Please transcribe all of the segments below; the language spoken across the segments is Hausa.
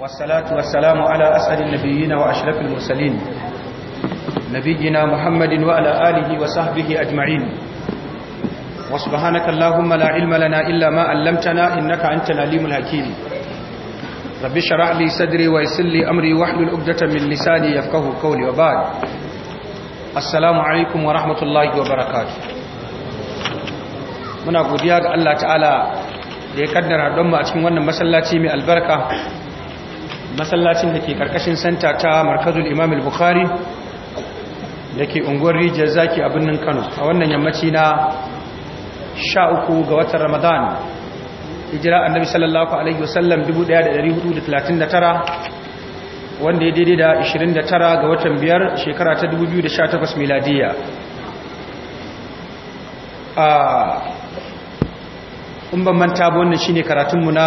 والصلاة والسلام على أسعد النبيين وأشرف المرسلين نبينا محمد وعلى آله وصحبه أجمعين وسبحانك اللهم لا علم لنا إلا ما علمتنا إنك أنت العليم الحكيم رب اشرح لي صدري ويسر لي أمري واحلل عقدة من لساني يفقهوا قولي وبعد السلام عليكم ورحمة الله وبركاته muna godiya ga Allah ta'ala da ya kaddara don mu a cikin wannan masallaci mai albarka masallacin da ke karkashin santa ta markazul imam al-bukhari da ke unguwar rijiyar zaki a birnin kano a wannan yammaci na sha uku ga watan ramadan hijira annabi sallallahu alaihi wasallam 1439 wanda ya daidai da 29 ga watan biyar shekara ta 2018 miladiya a ah, ban manta ba wannan shine karatunmu na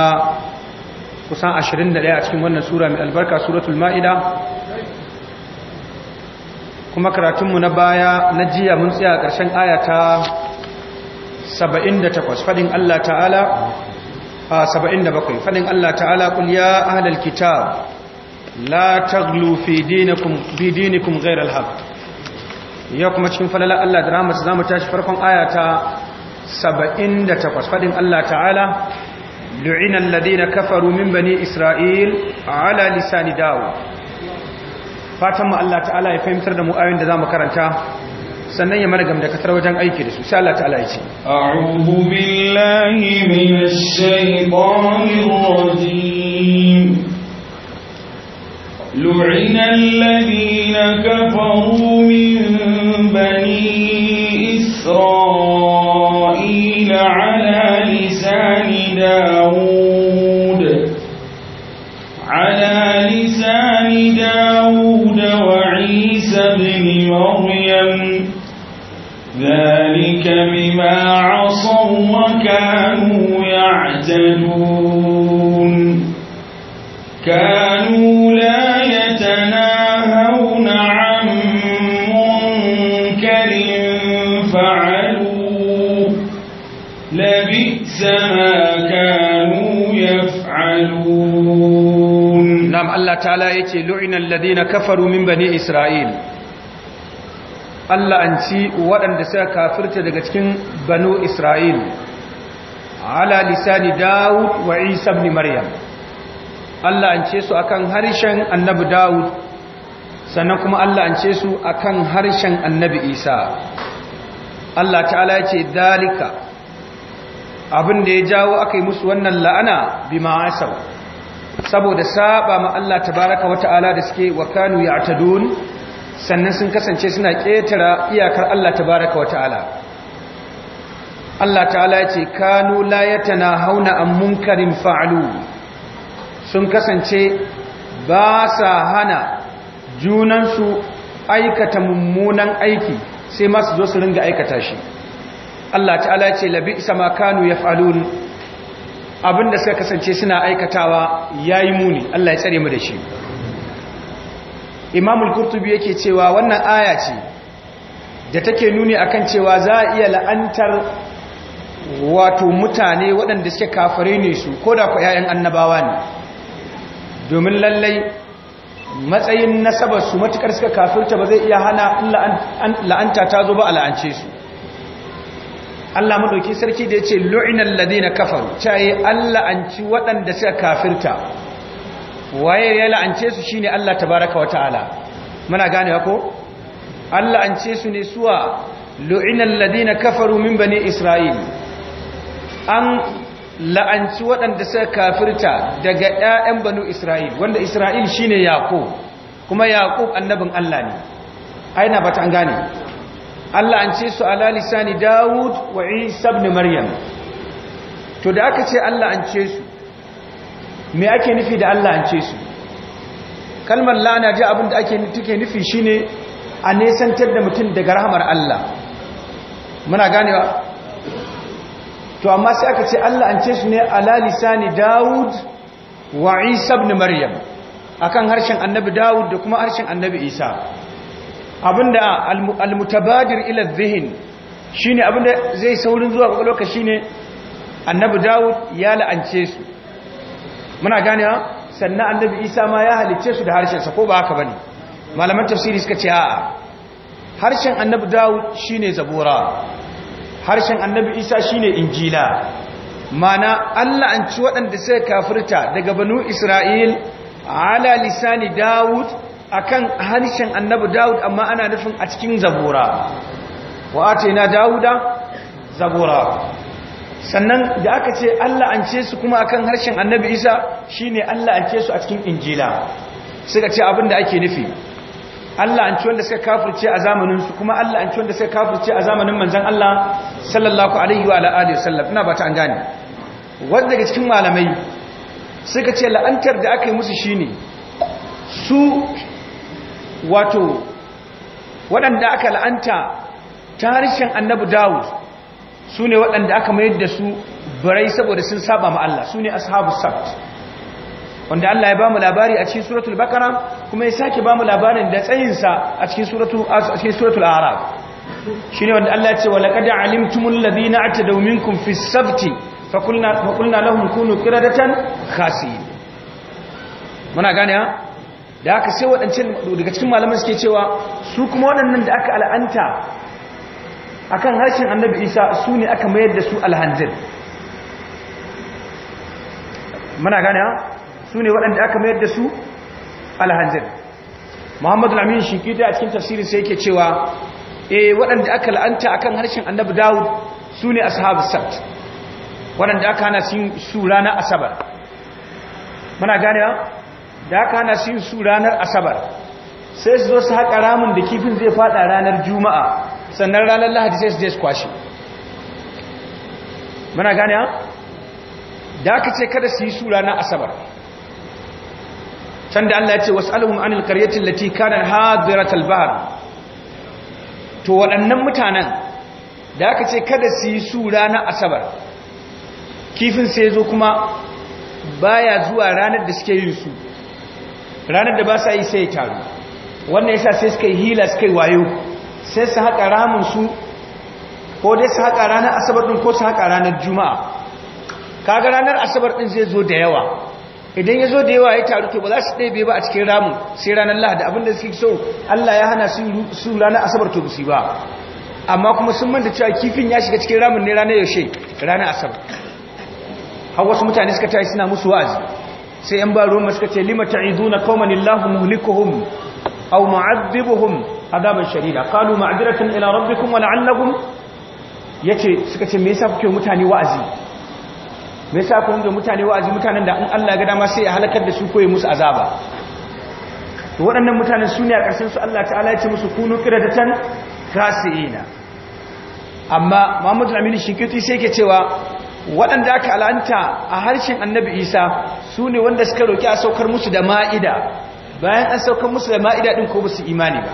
kusan 21 a cikin wannan sura mai albarka suratul ma'ida kuma karatunmu na baya na jiya mun tsaya ƙarshen ayata 78 fadin Allah ta'ala a 77 fadin Allah ta'ala kul ya ahlal kitab la taghlu fi dinikum bi dinikum ghayra al-haq ya kuma cikin falalar Allah da rahmat zamu tashi farkon ayata 78 fadin Allah ta'ala لعن الذين كفروا من بني إسرائيل على لسان allah ta'ala ya fahimtar da mu آيين دا دام karanta sannan ya mana da kasar wajen aiki da su sai Allah ta'ala ya ce a'udhu billahi minash shaitanir rajim lu'ina alladhina kafaru min bani إسرائيل على لسان داود على لسان داود وعيسى بن مريم ذلك بما عصوا وكانوا يعتدون كان ta'ala yake lu'inal ladina kafaru min bani isra'il Allah an ci waɗanda suka kafirta daga cikin banu isra'il ala lisani daud wa isa ibn maryam Allah an ce su akan harshen annabi daud sannan kuma Allah an ce su akan harshen annabi isa Allah ta'ala ce dalika abin da ya jawo aka yi musu wannan la'ana bima asaba saboda saba ma Allah tabaraka wa ta'ala da suke wa kanu ya'tadun sannan sun kasance suna ƙetara iyakar Allah tabaraka wa ta'ala Allah ta'ala ya ce kanu la hauna an munkarin fa'alu sun kasance ba sa hana junansu aikata mummunan aiki sai masu zo su ringa aikata shi Allah ta'ala ya ce labi sama kanu yaf'alun abinda suka kasance suna aikatawa yayi muni Allah ya tsare mu da shi Imamul Qurtubi yake cewa wannan aya ce da take nuni akan cewa za a iya la'antar wato mutane waɗanda suke kafare ne su ko da ku ƴaƴan annabawa ne domin lallai matsayin nasabar su matukar suka kafirta ba zai iya hana la'anta ta zo ba a la'ance su Allah madauki sarki da yace lu'inal ladina kafaru cai eh, Allah ci waɗanda suka kafirta waye ya la'ance su shine Allah tabaaraka wa ta'ala muna ganewa ko Allah ce su ne suwa lu'inal ladina kafaru min bani isra'il an la'anci waɗanda suka kafirta daga ƴaƴan banu isra'il wanda isra'il shine yaqub kuma yaqub annabin Allah ne aina bata an gane Allah an ce su ala lisani Dawud wa Isa ibn Maryam to da aka ce Allah an ce su me ake nufi da Allah an ce su kalmar lana ji abin da ake take nufi shine a nesantar da mutum daga rahmar Allah muna ganewa to amma sai aka ce Allah an ce su ne ala lisani Dawud wa Isa ibn Maryam akan harshen Annabi Dawud da kuma harshen Annabi Isa abinda almutabadir ila zihin shine abinda zai saurin zuwa ga lokaci shine annabi Dawud ya la'ance su muna ganewa sannan annabi Isa ma ya halicce su da harshen sa ko ba haka bane malaman tafsiri suka ce a'a harshen annabi Dawud shine zabura harshen annabi Isa shine injila mana Allah an ci waɗanda suka kafirta daga banu Isra'il ala lisani Dawud akan harshen annabi Dawud amma ana nufin a cikin zabura wa na Dawuda zabura sannan da aka ce Allah an ce su kuma akan harshen annabi Isa shine Allah an ce su a cikin injila suka ce abin da ake nufi Allah an wanda suka kafirce a zamanin su kuma Allah an wanda suka kafirce a zamanin manzon Allah sallallahu alaihi wa alihi wasallam ina ba ta an gane wanda daga cikin malamai suka ce la'antar da aka yi musu shine su wato waɗanda aka la'anta ta harshen annabi dawud su ne waɗanda aka mayar da su barai saboda sun saba ma Allah su ne ashabu sabt wanda Allah ya ba mu labari a cikin suratul bakara kuma ya sake ba mu labarin da tsayinsa a cikin suratul arab shi ne wanda Allah ce wa alimtumun alimtumul na atadaw minkum fi sabti fa qulna lahum kunu qiradatan khasiin muna gane ha da aka sai waɗancan daga cikin malaman suke cewa su kuma waɗannan da aka al'anta kan harshen annabi isa su ne aka mayar da su alhanzir muna gane su ne waɗanda aka mayar da su alhanzir muhammadu lamin shikida a cikin tafsirin sai ke cewa e, waɗanda aka la'anta kan harshen annabi dawud su ne ashabu waɗanda aka hana su ranar asabar muna gane da aka hana su su ranar asabar sai su zo su haƙa ramin da kifin zai fada ranar juma'a sannan ranar lahadi sai su je su kwashe muna gane da aka ce kada su yi su ranar asabar can da Allah ce wasu alhum anil karyatin lati kanan hadiratal talbar to waɗannan mutanen da aka ce kada su yi su ranar asabar kifin sai zo kuma baya zuwa ranar da suke yin su ranar da ba sa yi sai ya taru wannan yasa sai suka yi hila suka yi wayo sai su haƙa ramun su ko dai su haƙa ranar asabar ɗin ko su haƙa ranar juma'a kaga ranar asabar ɗin zai zo da yawa idan ya zo da yawa ya taru to ba za su ɗebe ba a cikin ramin sai ranar lahadi abinda suke so allah ya hana su ranar asabar to busi ba amma kuma sun manta cewa kifin ya shiga cikin ramun ne ranar yaushe ranar asabar har wasu mutane suka tashi suna musu wa'azi sai yan ba ruwan suka ce lima ta'izuna qauman illahu muhlikuhum aw mu'adhibuhum adaban shadida qalu ma'diratan ila rabbikum wa la'allakum yace suka ce me yasa kuke mutane wa'azi me yasa ku mutane wa'azi mutanen da in Allah ga dama sai ya halakar da su koyi musu azaba to waɗannan mutanen su ne a ƙarshen su Allah ta'ala ya ce musu kunu qiradatan khasiina amma Muhammadu Aminu Shinkiti sai ke cewa waɗanda aka alanta a harshen annabi isa su ne wanda suka roƙi a saukar musu da ma'ida bayan an saukar musu da ma'ida ɗin ko ba imani ba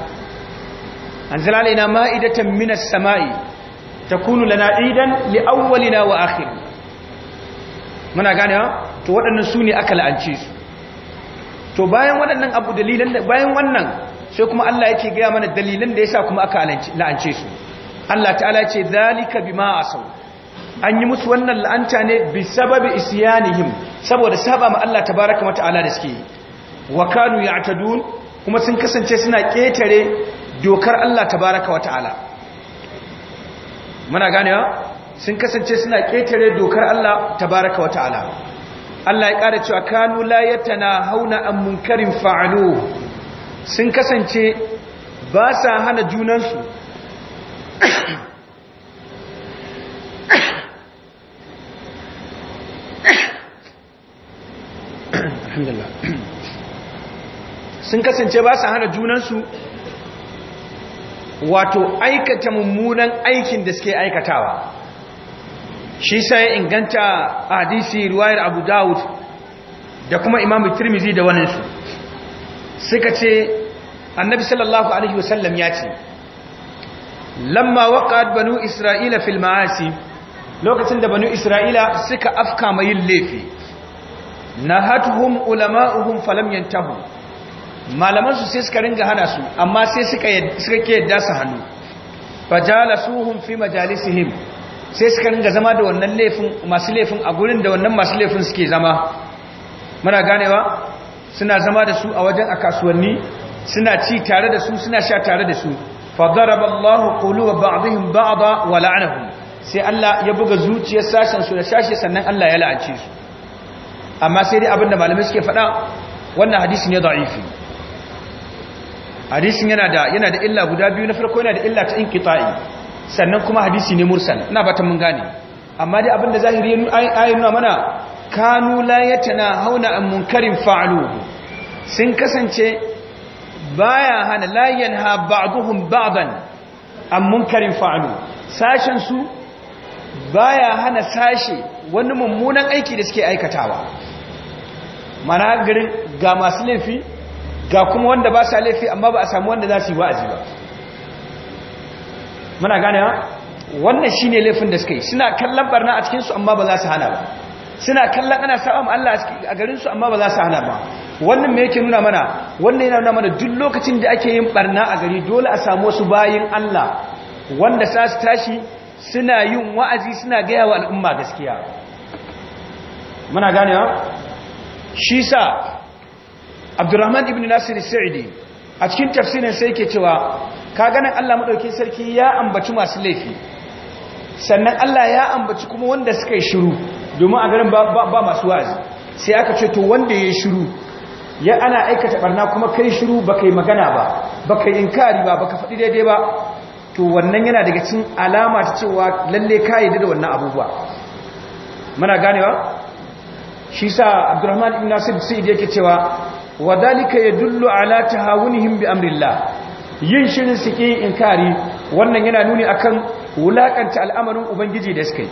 an zilala ina ma'idatan minas sama'i ta kunu lana idan li'awwalina wa akhir muna gane to waɗannan su ne aka la'ance su to bayan waɗannan abu dalilan da bayan wannan sai kuma Allah yake gaya mana dalilan da yasa kuma aka la'ance su Allah ta'ala ce zalika bima asaw an yi musu wannan la'anta ne bi sababi isyanihim saboda saba ma Allah tabaraka wa ta'ala da suke wa kanu ya'tadun kuma sun kasance suna ketare dokar Allah tabaraka wa ta'ala muna ganewa sun kasance suna ketare dokar Allah tabaraka wa ta'ala Allah ya ƙara cewa kanu la hauna an munkarin fa'alu sun kasance ba sa hana junansu alhamdulillah sun kasance ba su hana junansu wato aikata mummunan aikin da suke aikatawa shi sai inganta hadisi ruwayar abu dawud da kuma imamu tirmizi da waninsu suka ce annabi sallallahu alaihi wasallam ya ce lamma waqa'at banu isra'ila fil ma'asi lokacin da banu isra'ila suka afka mai laifi nahatuhum ulama'uhum falam yantahu malaman su sai suka ringa hana su amma sai suka suka ke yadda su hannu fajalasuhum fi majalisihim sai suka ringa zama da wannan laifin masu laifin a gurin da wannan masu laifin suke zama muna ganewa suna zama da su a wajen a kasuwanni suna ci tare da su suna sha tare da su fadaraballahu quluba ba'dihim ba'da wa la'anahum sai Allah ya buga zuciyar sashen su da sashe sannan Allah ya la'ance su amma sai dai abinda malamai suke faɗa wannan hadisi ne da'ifi hadisin yana da yana da illa guda biyu na farko yana da illa ta inqita'i sannan kuma hadisi ne mursal ina bata mun gane amma dai abinda zahiri ayin nuna mana kanu la yatana hauna an munkarin fa'aluhu sun kasance baya hana la yanha ba'duhum ba'dan an munkarin fa'alu sashen su baya hana sashe wani mummunan aiki da suke aikatawa mana garin ga masu laifi ga kuma wanda ba sa laifi amma ba a samu wanda za su yi wa'azi ba muna gane ha wannan ne laifin da suka yi suna kallon barna a cikinsu amma ba za su hana ba suna kallon ana sa'am Allah a garinsu amma ba za su hana ba wannan me yake nuna mana wannan yana nuna mana duk lokacin da ake yin barna a gari dole a samu wasu bayin Allah wanda sa su tashi suna yin wa'azi suna gaya wa al'umma gaskiya muna ganewa shi sa abdurrahman ibn nasir sa'idi a cikin tafsirin sai ke cewa ka ganin Allah maɗauki sarki ya ambaci masu laifi sannan Allah ya ambaci kuma wanda suka yi shiru domin a garin ba masu wa'azi sai aka ce to wanda ya yi shiru ya ana aikata barna kuma kai shiru baka yi magana ba baka yi inkari ba ka faɗi daidai ba to wannan yana daga cin alama ta cewa lalle ka yi da wannan abubuwa muna ganewa shi sa abdurrahman ibn nasir sa'id yake cewa wa wadalika yadullu ala tahawunihim bi amrillah yin shirin suke inkari wannan yana nuni akan wulakanta al'amarin ubangiji da suke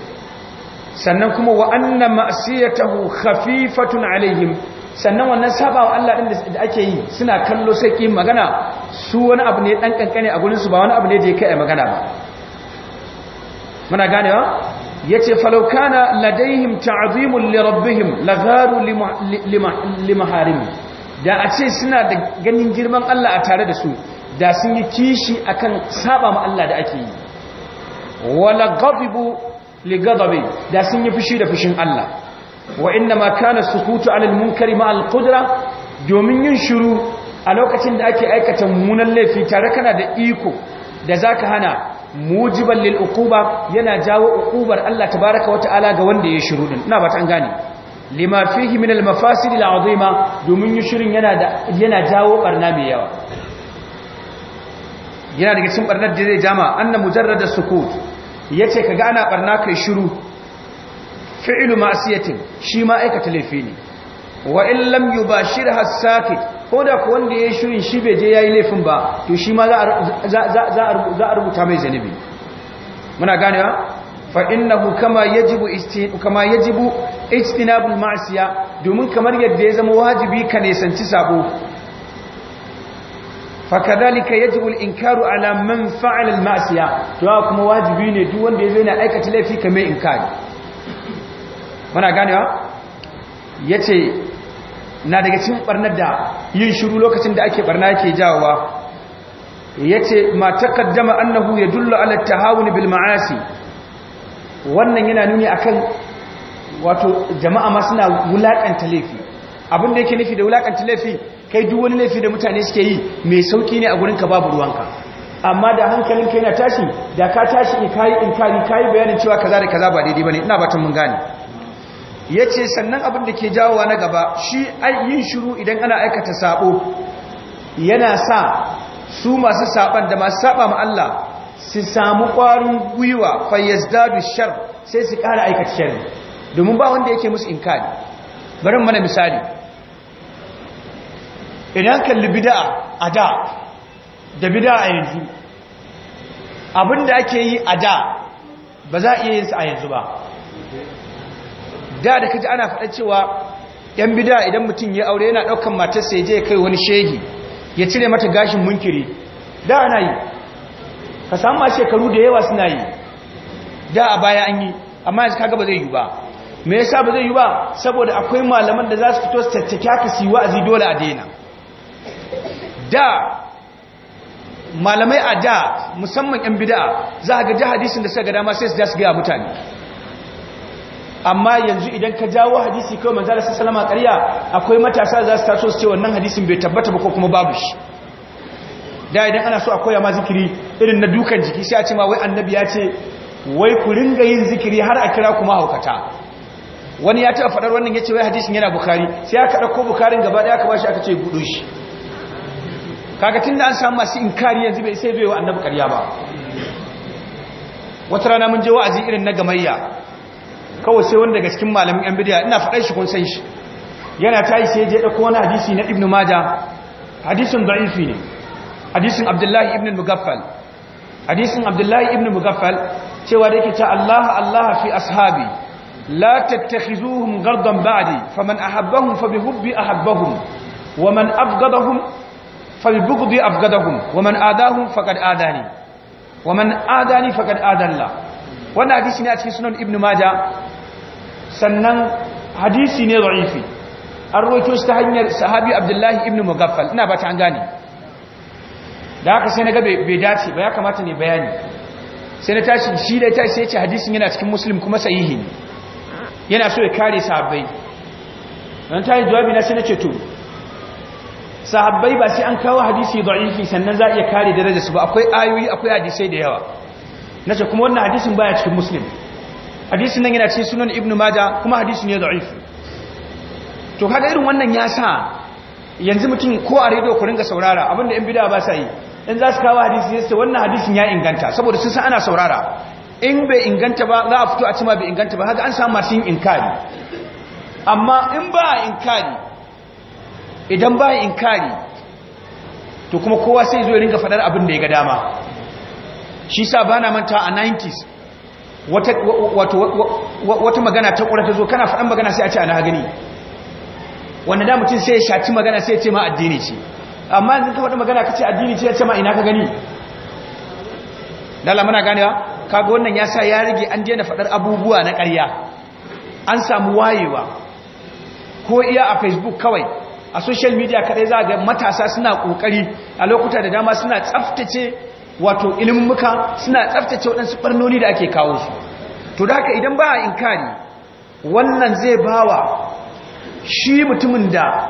sannan kuma wa anna ma'siyatahu khafifatun alaihim sannan wannan sabawa Allah din da ake yi suna kallo sai kin magana su wani abu ne dan kankane a gurin su ba wani abu ne da ya kai magana ba muna ganewa ya ce falaukana ladaihim ta'zimun li rabbihim lagharu limaharim da a ce suna da ganin girman Allah a tare da su da sun yi kishi akan saba ma Allah da ake yi wala ghadibu li da sun yi fushi da fushin Allah wa inna ma kana sukutu 'ala al-munkari ma al-qudra domin yin shiru a lokacin da ake aikata munan laifi tare kana da iko da zaka hana mujiban lil uquba yana jawo uqubar Allah tabaaraka wa ta'ala ga wanda ya shiru din ina ba ta an gane lima fihi min al mafasid al azima domin yushirin yana da yana jawo barna mai yawa yana daga cikin barnar da zai jama anna mujarrad as sukut yace kaga ana barna kai shiru fi'lu ma'siyatin shi ma aikata laifi ne wa in lam yubashirha as sakit ko da ku wanda ya yi shirin shi bai je ya yi laifin ba to shi ma za a rubuta mai zanibi muna ganewa fa'innahu kama yajibu kama yajibu istinabu ma'siya domin kamar yadda ya zama wajibi ka nesanci sabo fakadalika yajibu al-inkaru ala man fa'ala al-ma'siya to kuma wajibi ne duk wanda zo yana aikata laifi mai inkari muna gane Ya yace na daga cikin barnar da yin shiru lokacin da ake barna yake jawowa yace ma taqaddama annahu dullo ala tahawun bil ma'asi wannan yana nuni akan wato jama'a ma suna wulaƙanta laifi abin da yake nufi da wulaƙanta laifi kai duk wani laifi da mutane suke yi mai sauki ne a gurin ka babu ruwanka amma da hankalin ka yana tashi da ka tashi in kayi in bayanin cewa kaza da kaza ba daidai bane ina batun mun gane ya ce sannan abin da ke jawowa na gaba shi yin shiru idan ana aikata sabo yana sa su masu saban da masu saba ma Allah su samu ƙwarin gwiwa dadu shar sai su ƙara aikata shar domin ba wanda yake musu inkari bari mana misali idan kalli bida a da da bida a yanzu abin da ake yi a da ba za a iya yin su a yanzu ba da da kaji ana faɗa cewa yan bida idan mutum ya aure yana ɗaukan matarsa ya je kai wani shehi ya cire mata gashin munkiri da ana yi ka samu a shekaru da yawa suna yi da a baya an yi amma yanzu kaga ba zai yi ba me yasa ba zai yi ba saboda akwai malaman da za su fito su tattaki haka su yi wa'azi dole a daina da malamai a da musamman yan bid'a za ga ji hadisin da suka ga dama sai su su ga mutane amma yanzu idan ka jawo hadisi kawai manzala sallama ƙarya akwai matasa za su taso su ce wannan hadisin bai tabbata ba ko kuma babu shi da idan ana so a koya ma zikiri irin na dukan jiki sai a ce ma wai annabi ya ce wai ku ringa yin zikiri har a kira kuma haukata wani ya taɓa faɗar wannan ya ce wai hadisin yana bukari sai aka ɗauko bukarin gaba ɗaya aka shi aka ce buɗe shi kaga tun da an samu masu inkari yanzu bai sai bai wa annabi ƙarya ba wata rana mun je wa'azi irin na gamayya kawai sai wanda daga cikin malamin yan bidiya ina faɗa shi kun san shi yana tayi sai je ɗauko wani hadisi na Ibn majah hadisin da'ifi ne hadisin abdullahi ibn mugaffal hadisin abdullahi ibn mugaffal cewa da yake ta Allah Allah fi ashabi la tattakhizuhum gardan ba'di faman ahabbahum fa bihubbi ahabbahum waman abghadahum fa bibughdi abghadahum waman adahum faqad adani waman adani faqad adalla wannan hadisi ne a cikin sunan ibn majah sannan hadisi ne ra'ifi an roƙe shi ta hanyar sahabi abdullahi ibn mugaffal ina ba ta an gane da haka sai na ga bai dace ba ya kamata ne bayani sai na tashi shi da tashi sai ce hadisin yana cikin muslim kuma sahihi ne yana so ya kare sahabbai don ta yi jawabi na sai na ce to sahabbai ba sai an kawo hadisi da'ifi sannan za a iya kare su ba akwai ayoyi akwai hadisai da yawa na ce kuma wannan hadisin baya cikin muslim hadisi nan yana ce sunan ibnu maja kuma hadisi ne da'if to kaga irin wannan ya sa yanzu mutum ko a rediyo ku ringa saurara abinda yan bid'a ba sa yi in za su kawo hadisi sai su wannan hadisin ya inganta saboda sun san ana saurara in bai inganta ba za a fito a cima bai inganta ba haka an samu masu yin inkari amma in ba inkari idan ba inkari to kuma kowa sai zo ya ringa faɗar abin da ya ga dama shi sa bana manta a 90s wata magana ta ƙura ta zo kana faɗan magana sai a ce ana gani wanda da mutum sai ya shaci magana sai ya ce ma addini ce amma yanzu ka faɗi magana ka ce addini ce ya ce ma ina ka gani dala muna ganewa kaga wannan ya sa ya rage an jena faɗar abubuwa na ƙarya an samu wayewa ko iya a facebook kawai a social media kaɗai za ga matasa suna ƙoƙari a lokuta da dama suna tsaftace wato muka suna tsaftace waɗansu ɓarnoni da ake kawo su to da haka idan ba a inkari wannan zai bawa shi mutumin da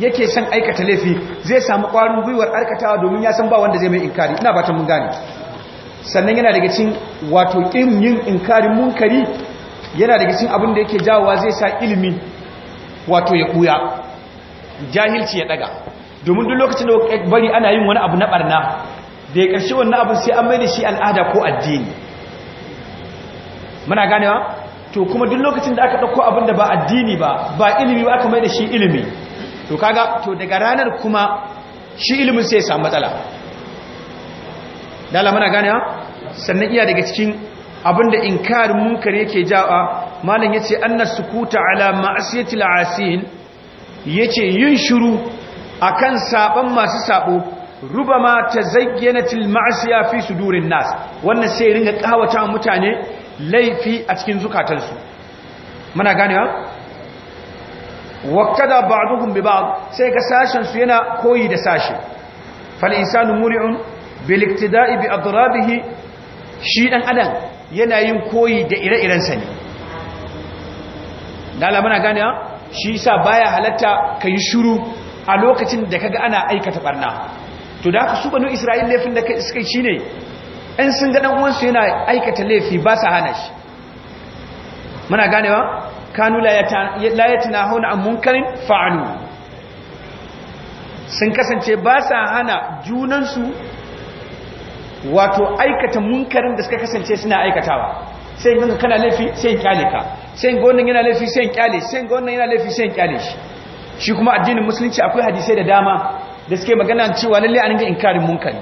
yake son aikata laifi zai samu ƙwarin gwiwar aikatawa domin ya san ba wanda zai mai inkari ina batan mun gane sannan yana daga cin wato ƙin yin inkarin munkari yana daga cin abin da yake jawowa zai sa ilimi wato ya ɓuya jahilci ya ɗaga domin duk lokacin da bari ana yin wani abu na ɓarna da ya ƙarshe wannan abin sai an mai shi al'ada ko addini muna ganewa to kuma duk lokacin da aka ɗauko abin da ba addini ba ba ilimi ba aka mai shi ilimi to kaga to daga ranar kuma shi ilimin sai ya samu matsala dala muna ganewa sannan iya daga cikin abin da inkarin munkar yake jawa malam yace annas sukuta ala ma'asiyatil asin yace yin shiru akan saban masu sabo rubama tazayyanatil ma'siya fi sudurin nas wannan sai ringa kawata mutane laifi a cikin zukatansu muna ganewa wakada ba'duhum bi ba'd sai ga sashen su yana koyi da sashi fal insanu muri'un bil iktida'i bi adrabihi shi ɗan adam yana yin koyi da ire-iren sa ne dala muna ganewa shi yasa baya halatta kai shiru a lokacin da kaga ana aikata barna to da ka su banu isra'il laifin da suka yi shine in sun ga dan uwansu yana aikata laifi ba sa hana shi muna ganewa kanu la na an munkarin fa'alu sun kasance ba sa hana junansu wato aikata munkarin da suka kasance suna aikatawa sai ganka kana laifi sai yin kyale ka sai yin gonin yana laifi sai yin kyale sai in yana laifi sai kyale shi kuma addinin musulunci akwai hadisai da dama da suke magana cewa lalle an ga inkarin munkari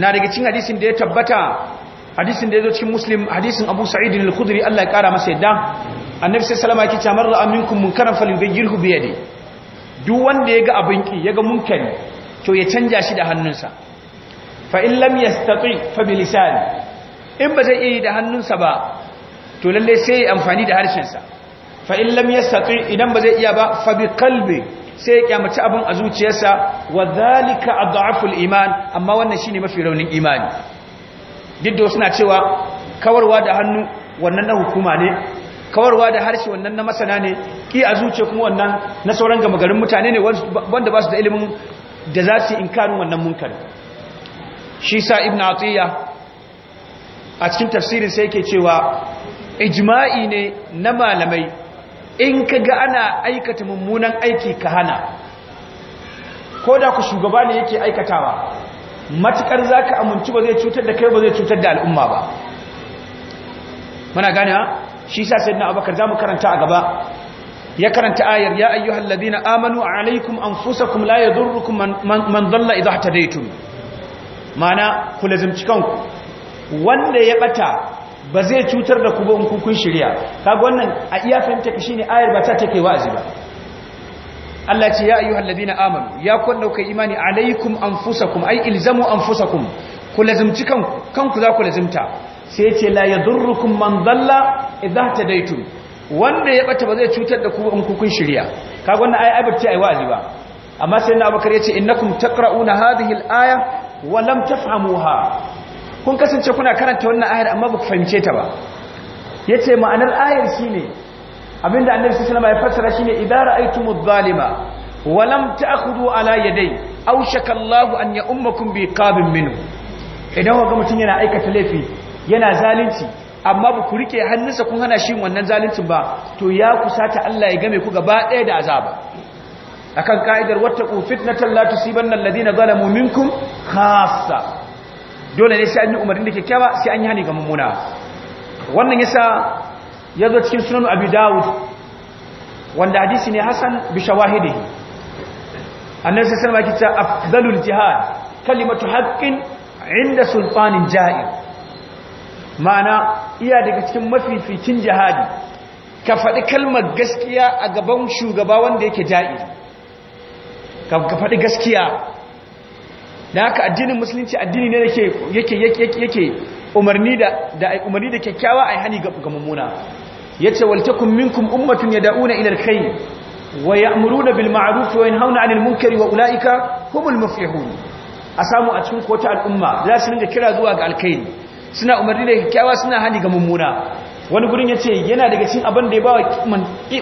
na daga cikin hadisin da ya tabbata hadisin da ya zo cikin muslim hadisin abu sa'id al-khudri Allah ya kara masa yadda annabi sallallahu alaihi wasallam yake cewa man ra'a minkum munkaran falyughayyirhu bi yadi duk wanda ya ga abin ki ya ga munkari to ya canja shi da hannunsa fa in lam yastati fa bi lisani in ba zai iya da hannunsa ba to lalle sai ya amfani da harshensa fa in lam yastati idan ba zai iya ba fa bi qalbi sai ya kyamaci abin a zuciyarsa wa zalika adhaful iman amma wannan shine mafi raunin imani duk suna cewa kawarwa da hannu wannan na hukuma ne kawarwa da harshe wannan na masana ne ki a zuciya kuma wannan na sauran gama garin mutane ne wanda ba su da ilimin da za su inkarin wannan munkar shi sa ibn atiya a cikin tafsirin sai yake cewa ijma'i ne na malamai in ka ga ana aikata mummunan aiki ka hana ko da ku shugaba ne yake aikatawa matukar za ka aminci ba zai cutar da kai ba zai cutar da al'umma ba muna gane shi sa sai na abakar za mu karanta a gaba ya karanta ayar ya ayyuhal ladina amanu alaikum anfusakum la yadurrukum man dhalla idha tadaytum mana ku lazimci kanku wanda ya bata ba zai cutar da ku ba shirya kaga wannan a iya fahimta shine ayar ba ta take wa'azi ba Allah ce ya ayyuhal na amanu ya kun dauka imani alaikum anfusakum ay ilzamu anfusakum ku lazimci kanku kanku za ku lazimta sai ce la yadurrukum man dalla idza tadaitum wanda ya bata ba zai cutar da ku in kun shirya kaga wannan ai aibata ai wa'azi ba amma sai na abakar yace innakum taqra'una hadhihi al-aya wa lam tafhamuha kun kasance kuna karanta wannan ayar amma ba ku fahimce ta ba yace ma'anar ayar shine abinda annabi sallallahu alaihi wasallam ya fassara shine idara aitumud zalima wa lam ta'khudhu ala yaday aw shakallahu an ya ya'ummakum bi qabin minhu idan kaga mutum yana aikata laifi yana zalunci amma ba ku rike hannunsa kun hana shi wannan zaluncin ba to ya kusata Allah ya game ku gaba ɗaya da azaba akan ka'idar ku fitnatan la tusibanna alladhina zalamu minkum khassa dole ne sai an yi umarni da kyakkyawa sai an yi hani ga mummuna wannan yasa ya zo cikin sunan abu dawud wanda hadisi ne hasan bi shawahidihi annabi sallallahu alaihi wasallam ce afdalul jihad kalimatu haqqin inda sultanin ja'ir ma'ana iya daga cikin mafificin jihadi ka faɗi kalmar gaskiya a gaban shugaba wanda yake ja'ir ka faɗi gaskiya da haka addinin musulunci addini ne yake yake yake umarni da da umarni da kyakkyawa ai hani ga ga mummuna yace wal takum minkum ummatun yad'una ila alkhayr wa ya'muruna bil ma'ruf wa yanhauna 'anil munkari wa ulaika humul muflihun a samu a cikin kota al'umma za su dinga kira zuwa ga alkhairi suna umarni da kyakkyawa suna hani ga mummuna wani gurin yace yana daga cikin abin da ya bawa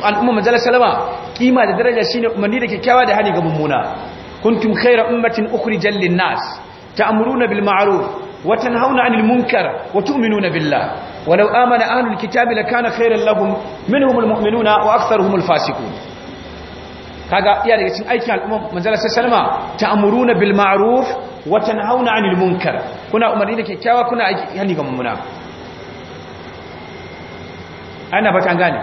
al'umma manzala salama kima da daraja shine umarni da kyakkyawa da hani ga mummuna kuntum khayra ummatin ukhrijal linnas ta'muruna bil ma'ruf wa tanhauna 'anil munkar wa tu'minuna billah walau amana ahlul kitabi lakana khayran lahum minhumul wa kaga iya daga cikin aikin al'umma manzala sallama ta'muruna bil ma'ruf wa tanhauna 'anil munkar kuna umarni da kyakkyawa kuna aiki hani ga mummuna ana fatan gane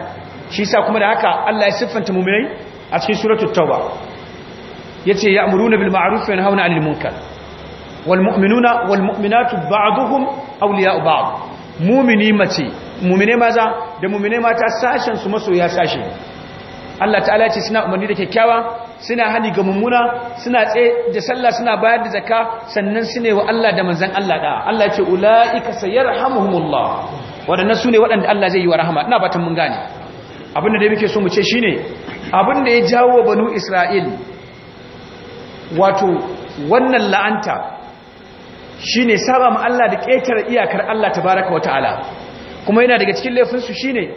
shi sa kuma da haka Allah ya siffanta mu'minai a cikin suratul tauba yace ya'muruna bil ma'ruf wa yanhauna 'anil munkar wal mu'minuna wal mu'minatu ba'duhum awliya'u ba'd mu'mini mace mu'mine maza da mu'mine mata sashen su masoya sashe Allah ta'ala ce suna umarni da kyakkyawa suna hani ga mummuna suna tsaye da sallah suna bayar da zakka sannan su ne wa Allah da manzan Allah da Allah ce ulaika sayarhamuhumullah wadannan su ne waɗanda Allah zai yi wa rahama ina fatan mun gane abinda da muke so mu ce shine abinda ya jawo banu Isra'il wato wannan la'anta shine saba ma Allah da ƙetare iyakar Allah tabaraka wata'ala kuma yana daga cikin laifinsu shine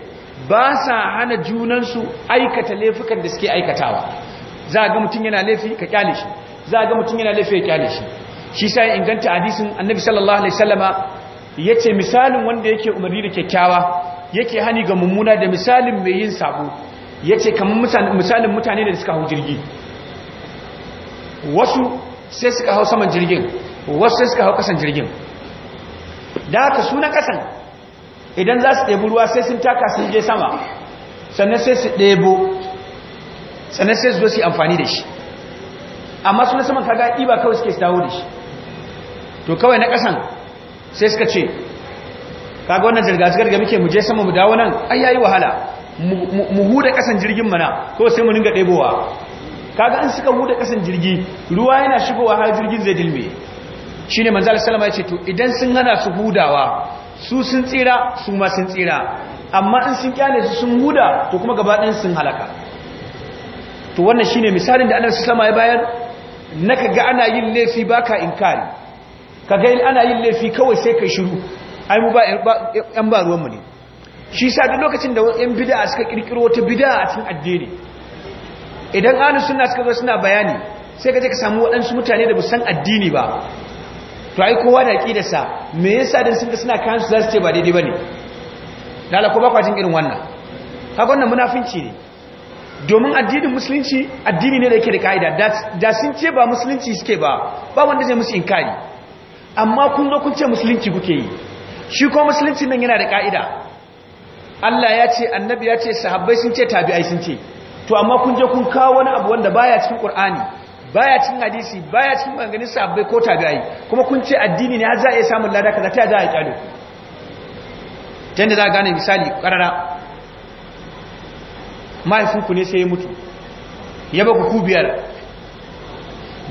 ba sa hana junansu aikata laifukan da suke aikatawa za ga mutum yana laifi ka kyale shi za ga mutum yana laifi ya kyale shi shi sai inganta hadisin annabi sallallahu alaihi wasallama yace misalin wanda yake umarni da kyakkyawa yake hani ga mummuna da misalin mai yin sabo yace kamar misalin mutane da suka hau jirgi wasu sai suka hau saman jirgin wasu sai suka hau kasan jirgin da haka sunan kasan idan za su ɗebo ruwa sai sun taka sun je sama sannan sai su ɗebo sannan sai su zo su yi amfani da shi amma suna saman kaga ɗiba kawai suke dawo da shi to kawai na kasan sai suka ce kaga wannan zirga-zirgar ga muke muje sama mu dawo nan ai yayi wahala mu huda ƙasan jirgin mana kawai sai mu dinga ɗebowa kaga in suka huda kasan jirgi ruwa yana shigowa har jirgin zai dilme shine manzo Allah sallama yace to idan sun hana su hudawa su sun tsira su ma sun tsira amma in sun kyale su sun huda to kuma gaba ɗayan sun halaka to wannan shine misalin da Allah sallama ya bayar naka ga ana yin laifi baka inkari kaga in ana yin laifi kawai sai kai shiru ai mu ba yan ba ruwan mu ne shi sa duk lokacin da yan bid'a suka kirkiro wata bid'a a cikin addini idan anu suna suka zo suna bayani sai ka je ka samu waɗansu mutane da musan addini ba to ai kowa da da sa me yasa din sun suna kan su zasu ce ba daidai bane dala ko ba kwa irin wannan kaga wannan munafinci ne domin addinin musulunci addini ne da yake da kaida da sun ce ba musulunci suke ba ba wanda zai musu inkari amma kun zo kun ce musulunci kuke yi shi ko musulunci nan yana da kaida Allah ya ce annabi ya ce sahabbai sun ce tabi'ai sun ce to amma kun je kun kawo wani abu wanda baya cikin qur'ani baya cikin hadisi baya cikin bangani sabbai ko tabi'ai kuma kun ce addini ne har za a iya samun lada kaza ta za a kyale tunda za a gane misali karara mahaifinku ne sai ya mutu ya ba ku biyar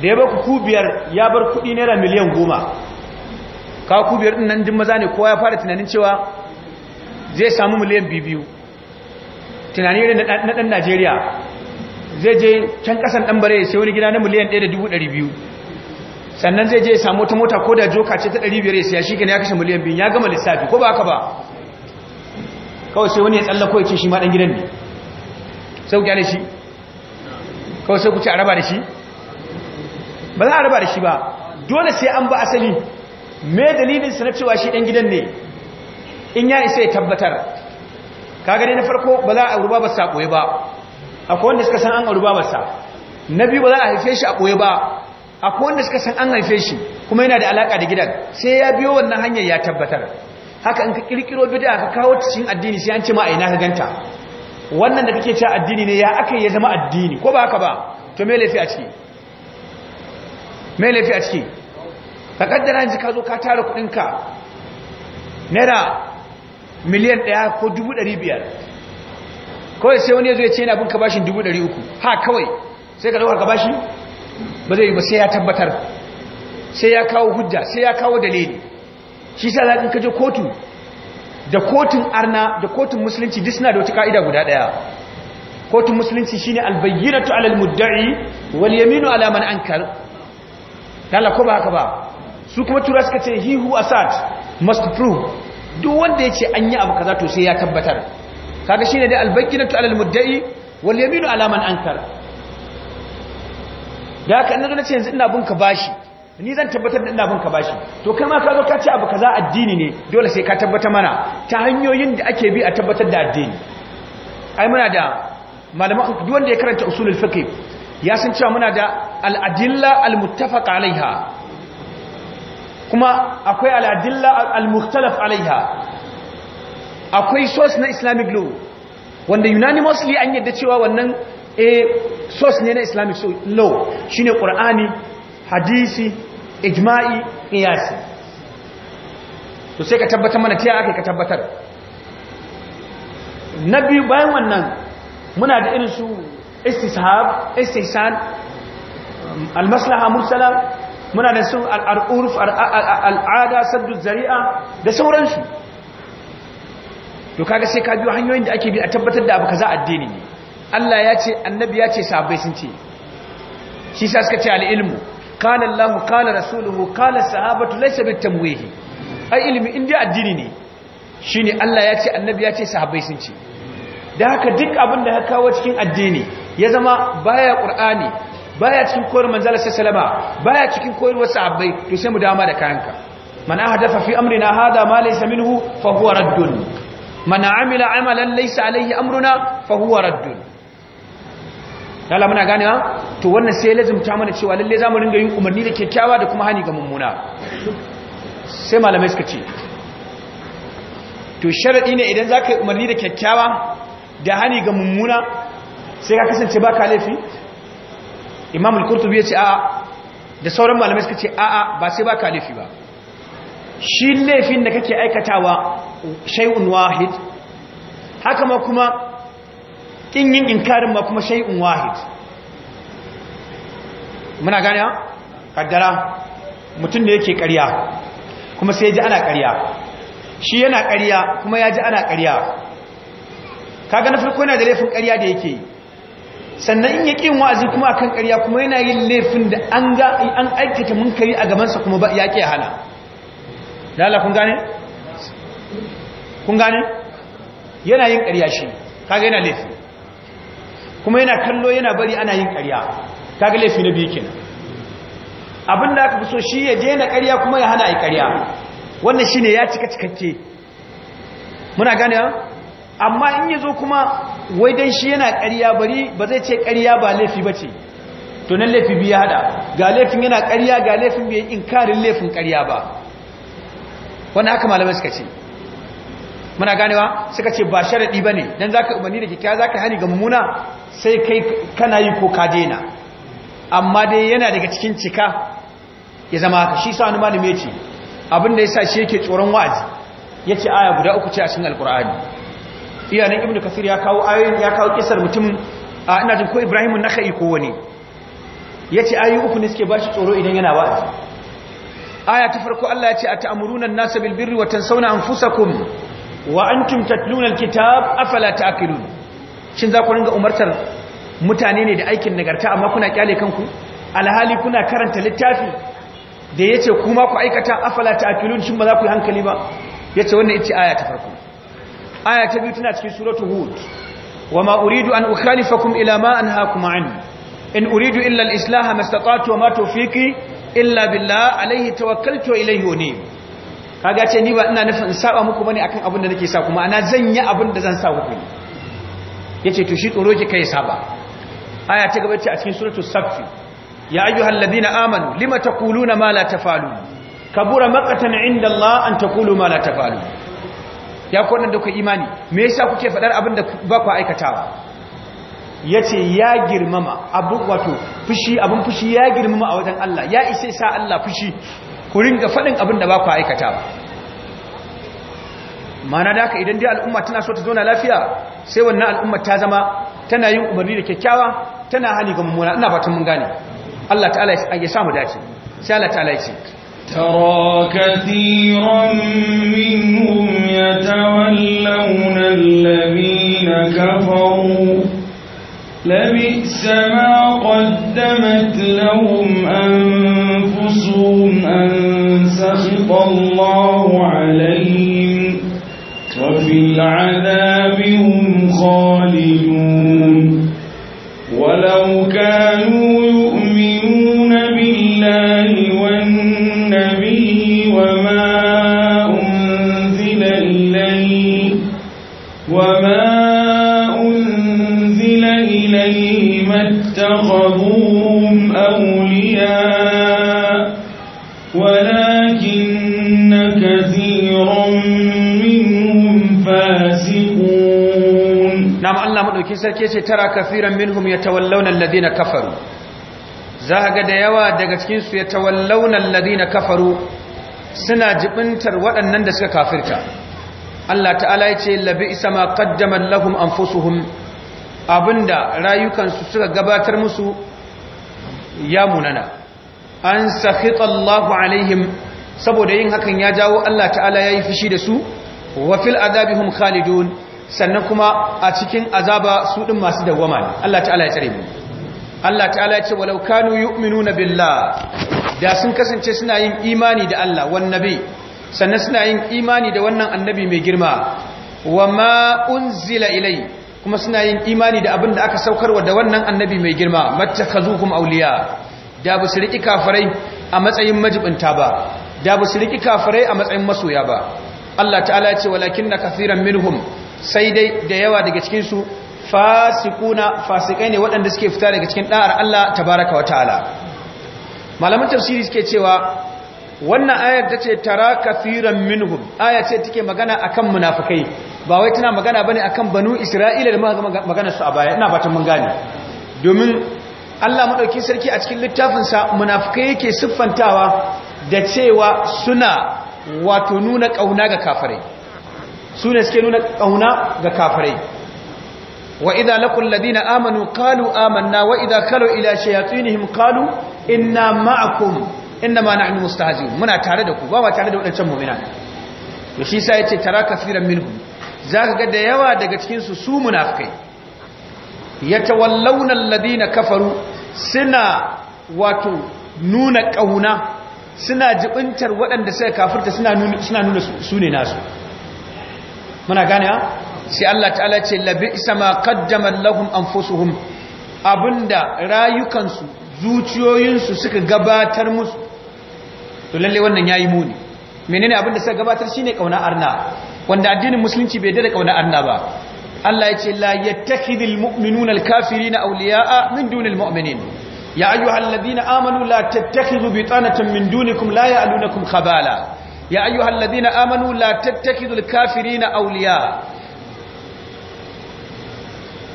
da ya ba ku biyar ya bar kudi naira miliyan goma ka kubiyar biyar din nan jin maza ne kowa ya fara tunanin cewa zai samu miliyan bibiyu. tunani irin na ɗan najeriya zai je can ƙasan ɗan bare sai wani gida na miliyan 1,200 sannan zai je samu ta mota ko da joka ce ta 500 sai ya shi ya kashe miliyan biyu ya gama lissafi ko ba ka ba kawai sai wani ya tsalla ko ya ce shi ma ɗan gidan ne sau da shi kawai sai ku ce a raba da shi ba za a raba da shi ba dole sai an ba asali me dalilin sa na cewa shi ɗan gidan ne in ya isa ya tabbatar kaga ne na farko ba za a auri babarsa a ba akwai wanda suka san an auri babarsa na biyu ba za a haife shi a koyi ba akwai wanda suka san an haife shi kuma yana da alaka da gidan sai ya biyo wannan hanyar ya tabbatar haka in ka kirkiro bid'a ka kawo cikin addini sai an ce ma a ina ka ganta wannan da kake cewa addini ne ya aka ya zama addini ko ba haka ba to me laifi a ciki me laifi a ciki ka kaddara yanzu ka zo ka tara kudin ka naira miliyan ɗaya ko dubu ɗari biyar kawai sai wani ya zo ya ce yana bin kabashin dubu ɗari uku ha kawai sai ka ɗaukar kabashi ba zai yi ba sai ya tabbatar sai ya kawo hujja sai ya kawo dalili shi sa zaɗin ka je kotu da kotun arna da kotun musulunci duk suna da wata ka'ida guda ɗaya kotun musulunci shine albayyinatu alal mudda'i wal yaminu ala man ankar dala ko ba haka ba su kuma tura suka ce hihu asad must prove duk wanda ya ce an yi abu kaza to sai ya tabbatar kaga shine dai albaykinatu alal mudda'i wal yaminu ala man ankara da haka ne ce yanzu ina bunka bashi ni zan tabbatar da ina bunka bashi to kai ma ka zo ka ce abu kaza addini ne dole sai ka tabbata mana ta hanyoyin da ake bi a tabbatar da addini ai muna da malaman duk wanda ya karanta usulul fiqh ya san cewa muna da al adilla al muttafaq alaiha kuma akwai al'adilla al-mukhtalaf alaiha akwai source na islamic law wanda unanimously an yadda cewa wannan a eh, source ne na islamic law shine qur'ani hadisi ijma'i qiyasi to sai ka tabbatar mana ta aka ka tabbatar na biyu bayan wannan muna da irin su istishab istihsan al-maslaha mursala muna da sun al'uruf al'ada saddu zari'a da sauransu to kaga sai ka biyo hanyoyin da ake bi a tabbatar da abu kaza addini ne Allah ya ce annabi ya ce sahabbai sun ce shi sa suka ce al'ilmu kana Allah kana rasuluhu kana sahabatu laysa bitamwihi ai ilimi inda addini ne shine Allah ya ce annabi ya ce sahabbai sun ce da haka duk abin da ka kawo cikin addini ya zama baya qur'ani baya cikin koyar manzala sallama baya cikin koyar wasu abai to sai mu dama da kayanka man ahdatha fi amrina hada ma laysa minhu fa huwa raddun man amila amalan laysa alayhi amruna fa huwa raddun dala muna gane to wannan sai ta mana cewa lalle zamu ringa yin umarni da kyakkyawa da kuma hani ga mummuna sai malamai suka ce to sharadi ne idan zaka yi umarni da kyakkyawa da hani ga mummuna sai ka kasance baka laifi imam al-qurtubi ya ce a'a da sauran malamai suka ce a'a ba sai ba ka laifi ba shi laifin da kake aikatawa shay'un wahid haka ma kuma kin yin inkarin ma kuma shay'un wahid muna gane ha kaddara mutum da yake ƙarya kuma sai ya ji ana ƙarya shi yana ƙarya kuma ya ji ana ƙarya kaga na farko yana da laifin ƙarya da yake yi sannan in ya ƙin wa'azi kuma kan ƙarya kuma yana yin laifin da an aikata mun kari a gamansa kuma ba ya ke hana lala kun gane kun gane yana yin ƙarya shi kaga yana laifin. kuma yana kallo yana bari ana yin ƙarya kaga laifi na biyu kenan da aka fi so shi ya je na ƙarya kuma ya hana a ƙarya wannan shi ne ya cika cikakke muna gane ya? amma in yazo kuma wai dan shi yana karya bari ba zai ce karya ba laifi bace to nan laifi biya hada ga laifin yana karya ga laifin in karin laifin karya ba wani haka malamai suka ce muna ganewa suka ce ba sharaɗi bane za ka umarni da za ka hani ga muna sai kai kana yi ko ka daina amma dai yana daga cikin cika ya zama haka shi sa wani malami ce abinda ya sa shi yake tsoron wa'azi ce aya guda uku ce a cikin alkurani iya nan ibnu kasir ya kawo ayoyin ya kawo kisar mutum a ina jin ko ibrahim nakhai ko wani ce ayoyi uku ne suke bashi tsoro idan yana ba aya ta farko Allah ya ce a an-nasa bil Sauna An-fusa anfusakum wa antum tatluna al-kitab afala ta'qilun shin za ku ringa umartar mutane ne da aikin nagarta amma kuna kyale kanku alhali kuna karanta littafi da yace kuma ku aikata afala ta'qilun shin ba za ku yi hankali ba yace wannan ita aya ta farko aya ta biyu tana cikin suratu hud wama uridu an ukhalifakum ila ma anhaakum an in uridu illa al-islah mastata'tu wa ma tawfiqi illa billah alayhi tawakkaltu wa ilayhi ne. kaga ce ni ba ina nufin in saba muku bane akan abin da nake sa kuma ana zan yi abin da zan sa ku yace to shi tsoro ki kai saba aya ta gaba ce a cikin suratu safi ya ayyuhal ladina amanu lima taquluna ma la tafalun kabura maqatan inda Allah an taqulu ma la ya kwanan da ku imani me yasa kuke faɗar abin da ba ku aikatawa ya ce ya girmama abu wato fushi abin fushi ya girmama a wajen Allah ya ishe sa Allah fushi ku ringa fadin abin da ba ku aikatawa mana da haka idan dai al'umma tana so ta zauna lafiya sai wannan al'umma ta zama tana yin umarni da kyakkyawa tana hali ga mummuna ina fatan mun gane Allah ta'ala ya sa mu dace sai Allah ta'ala ya ce ترى كثيرا منهم يتولون الذين كفروا لبئس ما قدمت لهم أنفسهم أن سخط الله عليهم وفي العذاب هم خالدون ولو كانوا اتخذوهم أولياء ولكن كثيرا منهم فاسقون نعم الله مدوكي سركي ترى كثيرا منهم يتولون الذين كفروا za ga da yawa daga cikinsu ya tawallaunan ladina kafaru suna jibintar waɗannan da suka kafirta Allah ta'ala ya ce labi isa ma ƙaddamar lahum abinda rayukansu suka gabatar musu ya munana an sakhita Allahu alaihim saboda yin hakan ya jawo Allah ta'ala yayi fushi da su wa fil azabihim khalidun sannan kuma a cikin azaba su din masu dawama ne Allah ta'ala ya tsare mu Allah ta'ala ya ce walau kanu yu'minuna billah da sun kasance suna yin imani da Allah wan sannan suna yin imani da wannan annabi mai girma wa ma unzila ilai kuma suna yin imani da abin da aka saukarwa da wannan annabi mai girma mattakhazuhum auliya da ba su riki kafirai a matsayin majibinta ba da ba su riki kafirai a matsayin masoya ba Allah ta'ala ya ce na kathiran minhum sai dai da yawa daga cikin su fasikuna fasikai ne waɗanda suke fita daga cikin da'ar Allah tabaraka wa ta'ala malaman tafsiri suke cewa wannan ayar ta ce tara kafiran minhum aya ce take magana akan munafikai ba wai tana magana bane akan banu isra'ila da magana su a baya ina fatan mun gane domin Allah madauki sarki a cikin littafin sa munafikai yake siffantawa da cewa suna wato nuna kauna ga kafirai sune suke nuna kauna ga kafirai wa idza laqul ladina amanu qalu amanna wa idza khalu ila shayatinihim qalu inna ma'akum inda ma nahnu Mustahazi. muna tare da ku ba ba tare da wadancan mu'mina to shi sai yace tara kafiran Za zaka ga da yawa daga cikin su su munafikai yatawallawna alladhina kafaru suna wato nuna kauna suna jibintar waɗanda suka kafirta suna nuna suna nuna su ne nasu muna gane ha sai Allah ta'ala ce labi isama qaddamat lahum anfusuhum abinda rayukansu zuciyoyinsu suka gabatar musu to lalle wannan yayi muni menene abin da suka gabatar shine kauna arna wanda addinin musulunci bai da kauna arna ba Allah yace ce la yattakhidul mu'minuna al-kafirina awliya'a min dunil mu'minin ya ayyuhalladhina amanu la tattakhidhu bitanatan min dunikum la ya'lunukum khabala ya ayyuhalladhina amanu la tattakhidul kafirina awliya'a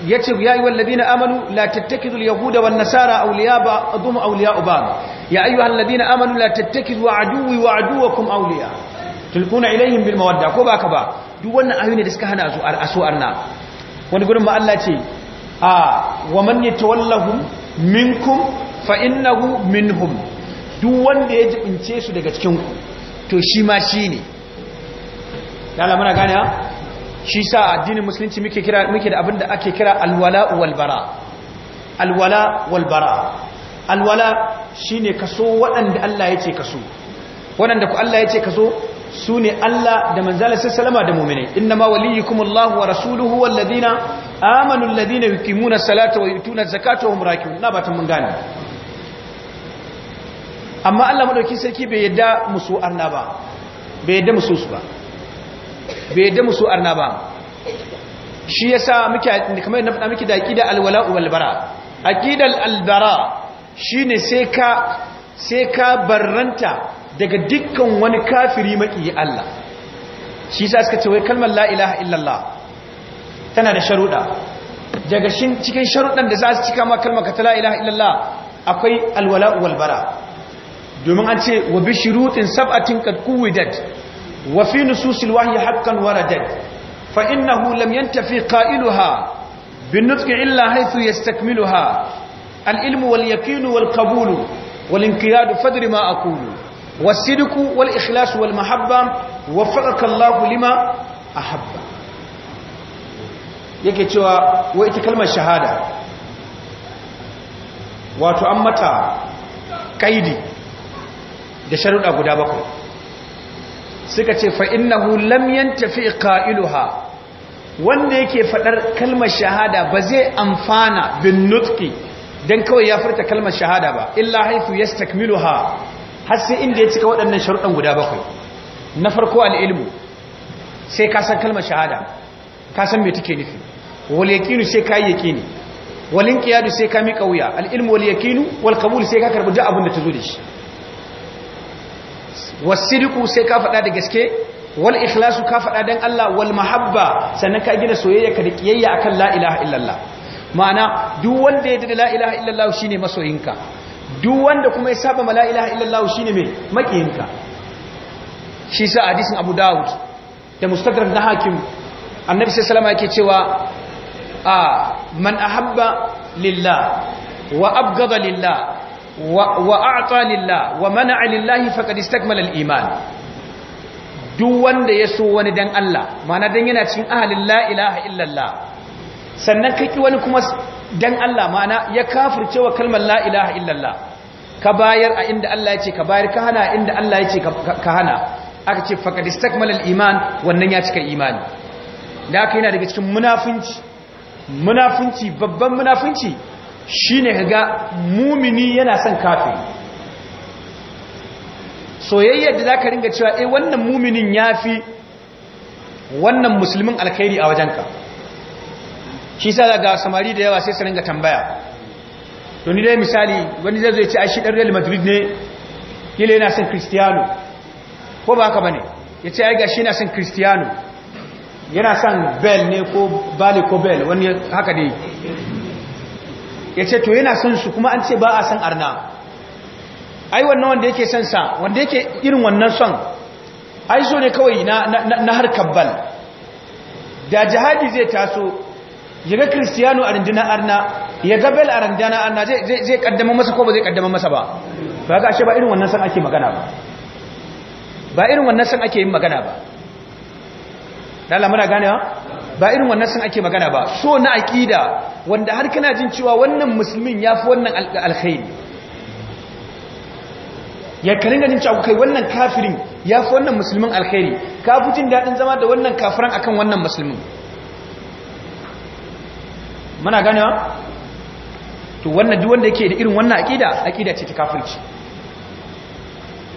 yace ya ayyuhal ladina amanu la tattakidul yahuda wan nasara awliya ba'dhum awliya ba'd ya ayyuhal ladina amanu la tattakizu aduwwi wa aduwakum awliya tulkuna ilaihim bil mawadda ko baka ba duk wannan ayoyi ne da suka hana su aso arna wani gurin ma Allah ce a wa man yatawallahum minkum fa innahu minhum duk wanda ya jibince su daga cikin ku to shi ma shine dala muna gane ha shi sa addinin musulunci muke kira muke da abin da ake kira alwala wal bara alwala wal bara alwala shine kaso waɗanda Allah ya ce kaso waɗanda ku Allah ya ce kaso su ne Allah da manzala sallama da mu'minai innama waliyukumullahu wa rasuluhu walladina amanu alladina yuqimuna salata wa yutuna zakata wa na batan mun gane amma Allah madauki sarki bai yadda musu arna ba bai yadda musu su ba bai yadda musu arna ba shi yasa muke kamar na faɗa muke da aqida alwala wal bara aqidal albara shine sai ka sai ka barranta daga dukkan wani kafiri maki Allah shi sa suka ce wai kalmar illallah tana da sharuda daga cikin sharudan da za su cika ma kalmar ka ta illallah akwai alwala walbara. domin an ce wa bi shurutin sab'atin qad quwidat wa fi nususil wahyi haqqan waradad fa innahu lam yantafi qailuha bin nutqi illa haythu yastakmiluha العلم واليقين والقبول والانقياد فدر ما أقول والصدق والإخلاص والمحبة وفقك الله a habba. yake cewa wa ita kalmar shahada wato an mata kaidi da sharuɗa guda bakwai suka ce fa innahu lam yantafi qailuha wanda yake faɗar kalmar shahada ba zai amfana bin nutqi dan kawai ya furta kalmar shahada ba illa haifu yastakmiluha har sai inda ya cika waɗannan sharuɗan guda bakwai na farko al'ilmu sai ka san kalmar shahada ka san me take nufi wal yaqinu sai ka yaqini walin inqiyadu sai ka miƙa wuya al'ilmu ilmu wal wal sai ka karbi duk abin da zo da shi wasidiku sai ka faɗa da gaske wal ikhlasu ka faɗa dan Allah wal mahabba sannan ka gina soyayya ka da kiyayya akan la ilaha illallah ma'ana duk wanda ya da la ilaha illallah shine masoyinka duk wanda kuma ya saba ma la ilaha illallah shine mai makiyinka shi sa hadisin Abu Dawud da Mustadrak na Hakim Annabi sallallahu alaihi yake cewa a man ahabba lillah wa abghada lillah wa a'ta lillah wa mana'a lillah faqad istakmala al-iman duk wanda ya so wani dan Allah ma'ana dan yana cikin ahlil la ilaha illallah sannan kaƙi ƙi wani kuma dan Allah ma'ana ya kafurce wa kalmar la'ilaha illallah ka bayar a inda Allah ya ce ka bayar ka hana inda Allah ya ce ka hana aka ce fakadistak malar iman wannan ya cika imani da haka yana daga cikin munafunci munafunci babban munafunci shine ga mumini yana son kafin soyayyar da za ka ringa cewa eh, wannan muminin ya fi wannan musulmin alkhairi a wajenka shi sa ga samari da yawa sai su ringa tambaya to ni dai misali wani zai zo ya ce ai shi dan Real Madrid ne kila yana son Cristiano ko ba haka bane ya ce ai ga shi yana son Cristiano yana son Bell ne ko Bale ko Bell wani haka dai ya ce to yana son su kuma an ce ba a son arna ai wannan wanda yake son sa wanda yake irin wannan son ai so ne kawai na na, harkar bal da jihadi zai taso ya ga Cristiano a rundunar arna ya ga Bell a rundunar arna zai kaddama masa ko ba zai kaddama masa ba ba ga ashe ba irin wannan san ake magana ba ba irin wannan san ake yin magana ba dala muna ganewa ba irin wannan san ake magana ba so na aqida wanda har kana jin cewa wannan musulmin yafi wannan alkhairi ya kalin ganin cewa kai wannan kafirin yafi wannan musulmin alkhairi ka fi jin dadin zama da wannan kafiran akan wannan musulmin muna ganewa to wannan duk wanda yake da irin wannan aqida aqida ce ta kafirci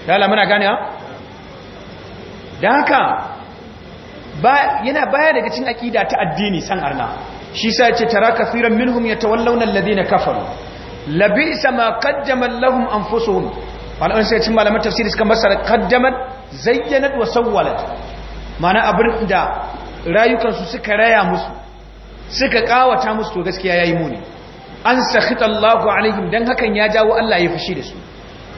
dala muna ganewa dan haka ba yana baya daga cikin aqida ta addini san arna shi sa yace tara kafiran minhum yatawallawna alladhina kafaru labisa ma qaddamat lahum anfusuhum an sai cin malaman tafsir suka masara qaddamat zayyanat wa sawwalat mana abin da rayukansu suka raya musu suka kawata musu to gaskiya yayi muni an sakhita Allahu alaihim dan hakan ya jawo Allah ya fushi da su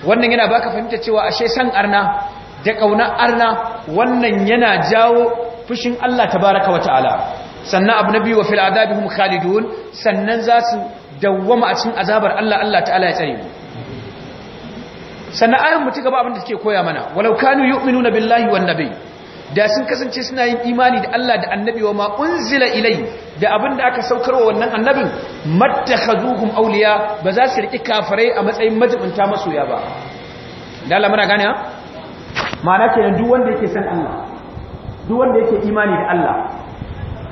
wannan yana baka fahimta cewa ashe san arna da kauna arna wannan yana jawo fushin Allah tabaraka wa ta'ala sannan abu nabi wa fil adabihum khalidun sannan za su dawwama a cikin azabar Allah Allah ta'ala ya tsare mu sannan ayan mu ci gaba abin da take koya mana walau kanu yu'minuna billahi wan nabiy da sun kasance suna yin imani da Allah da annabi wa ma unzila ilai da abin da aka saukarwa wannan annabin mattakhazuhum awliya ba za su riki kafirai a matsayin majibinta masoya ba da Allah muna gane ma'ana kenan duk wanda yake san Allah duk wanda yake imani da Allah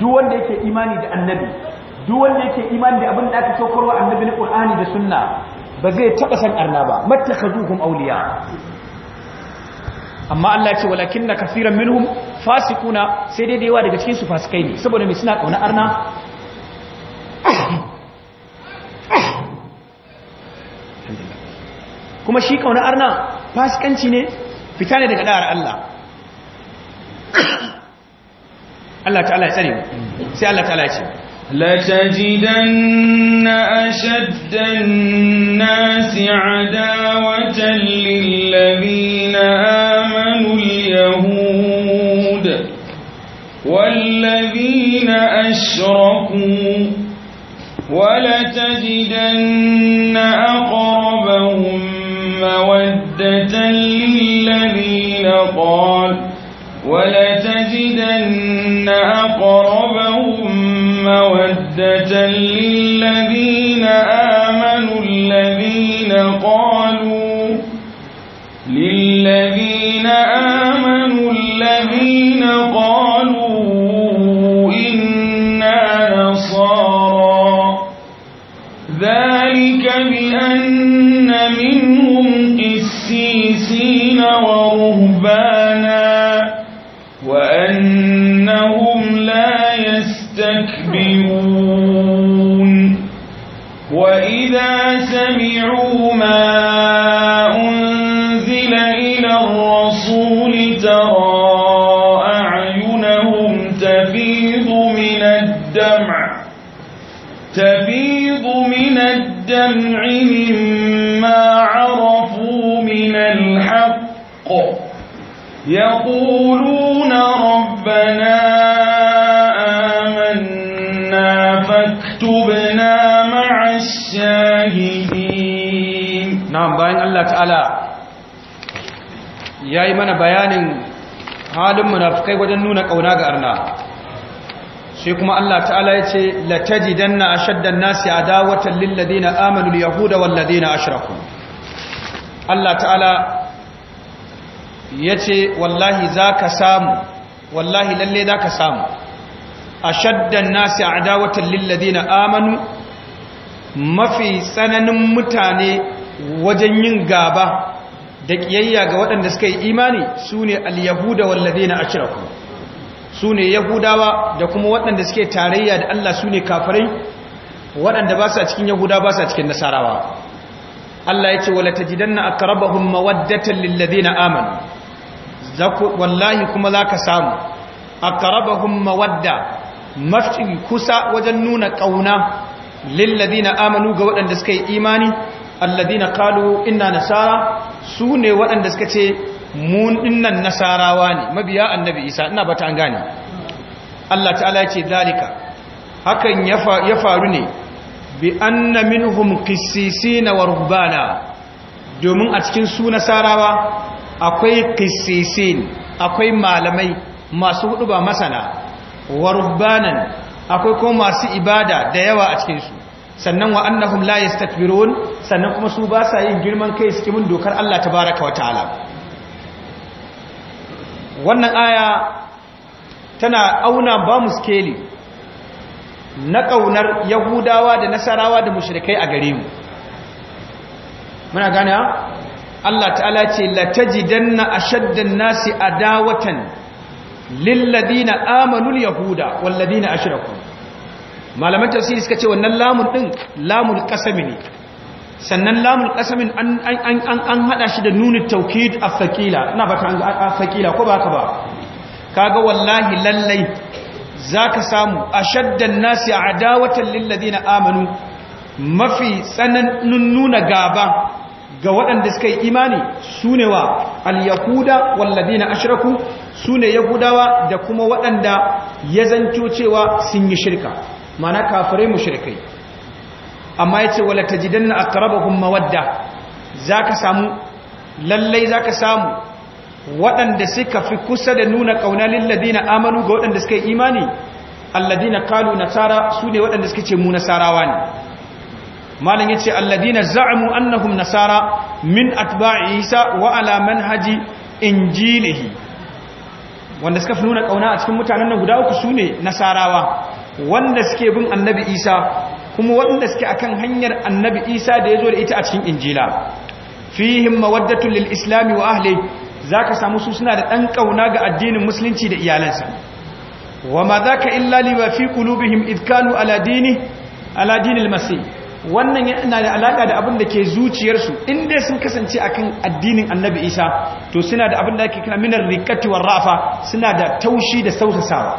duk wanda yake imani da annabi duk wanda yake imani da abin da aka saukarwa annabi na Qur'ani da Sunna ba zai taba san arna ba mattakhazuhum awliya amma Allah ce walakin na kafiran minhum fasikuna sai dai yawa daga cikinsu fasikai ne saboda mai suna ƙauna arna kuma shi ƙauna arna fasikanci ne fita ne daga ɗa'ar Allah Allah ta'ala ya tsare sai Allah ta'ala ya ce لتجدن أشد الناس عداوة للذين آمنوا اليهود والذين أشركوا ولتجدن أقربهم مودة للذين قال ولتجدن أقربهم مودة للذين آمنوا الذين قالوا للذين يقولون ربنا آمنا فاكتبنا مع الشاهدين نعم باين الله ya yi mana bayanin halin munafukai wajen nuna ƙauna ga arna shi kuma Allah ta'ala ya ce latajidanna ashaddan nasi adawatan lil ladina amanu al yahuda wal ladina ashraku Allah ta'ala ya ce wallahi za ka samu wallahi lalle za ka samu a shaddan nasi a adawatan lillazi na amanu mafi tsananin mutane wajen yin gaba da ƙiyayya ga waɗanda suka yi imani su ne al-yahuda wallazi na ashiraku su ne yahudawa da kuma waɗanda suke tarayya da allah su ne kafirai waɗanda ba sa cikin yahuda ba sa cikin nasarawa Allah ya ce wa latajidanna aqrabahum mawaddatan lil ladina amanu wallahi kuma za ka samu a karabahun mawadda mafi kusa wajen nuna ƙauna na amanu ga waɗanda suka yi imani alladina kalu ina nasara su ne waɗanda suka ce mun dinnan nasarawa ne mabiya annabi isa ina bata an gane Allah ta'ala ya ce zalika hakan ya faru ne bi anna minhum qissisina wa warhubana domin a cikin su nasarawa akwai kisisin akwai malamai masu hudu ba masana warubbanan akwai kuma masu ibada da yawa a cikin su sannan wa annahum la yastakbirun sannan kuma su ba sa yin girman kai suke mun dokar Allah ta tabaaraka wataala wannan aya tana auna ba mu skeli na kaunar yahudawa da nasarawa da mushrikai a gare mu muna gane Allah ta'ala ce a ashaddan nasi a adawatan lilladina amanul yahuda walladina ashraku malaman tafsiri suka ce wannan lamun din lamun qasami ne sannan lamun qasamin an an an an hada shi da nunu tawkid afqila ina fata an afqila ko ba ka ba kaga wallahi lallai zaka samu ashaddan nasi adawatan lilladina amanu mafi tsananin nuna gaba ga waɗanda suka yi imani su ne wa al-yahuda na ashraku su ne yahudawa da kuma waɗanda ya zanto cewa sun yi shirka mana kafirai shirkai amma yace wala tajidanna aqrabahum mawadda ka samu lallai za ka samu waɗanda suka fi kusa da nuna ƙauna na amanu ga waɗanda suka yi imani alladina kalu nasara su ne waɗanda suka ce mu nasarawa ne malam yace alladina za'amu annahum nasara min atba'i isa wa ala manhaji injilihi wanda suka fi nuna kauna a cikin mutanen nan guda uku sune nasarawa wanda suke bin annabi isa kuma wanda suke akan hanyar annabi isa da yazo da ita a cikin injila fihim mawaddatu lil islam wa ahli zaka samu su suna da dan kauna ga addinin musulunci da iyalansa wa ma zaka illa liwa fi qulubihim id kanu ala dini ala dinil masih wannan yana da alaƙa da abin da ke zuciyarsu inda sun kasance a kan addinin annabi isa to suna da abin da ake kira minar rikati war rafa suna da taushi da sausasawa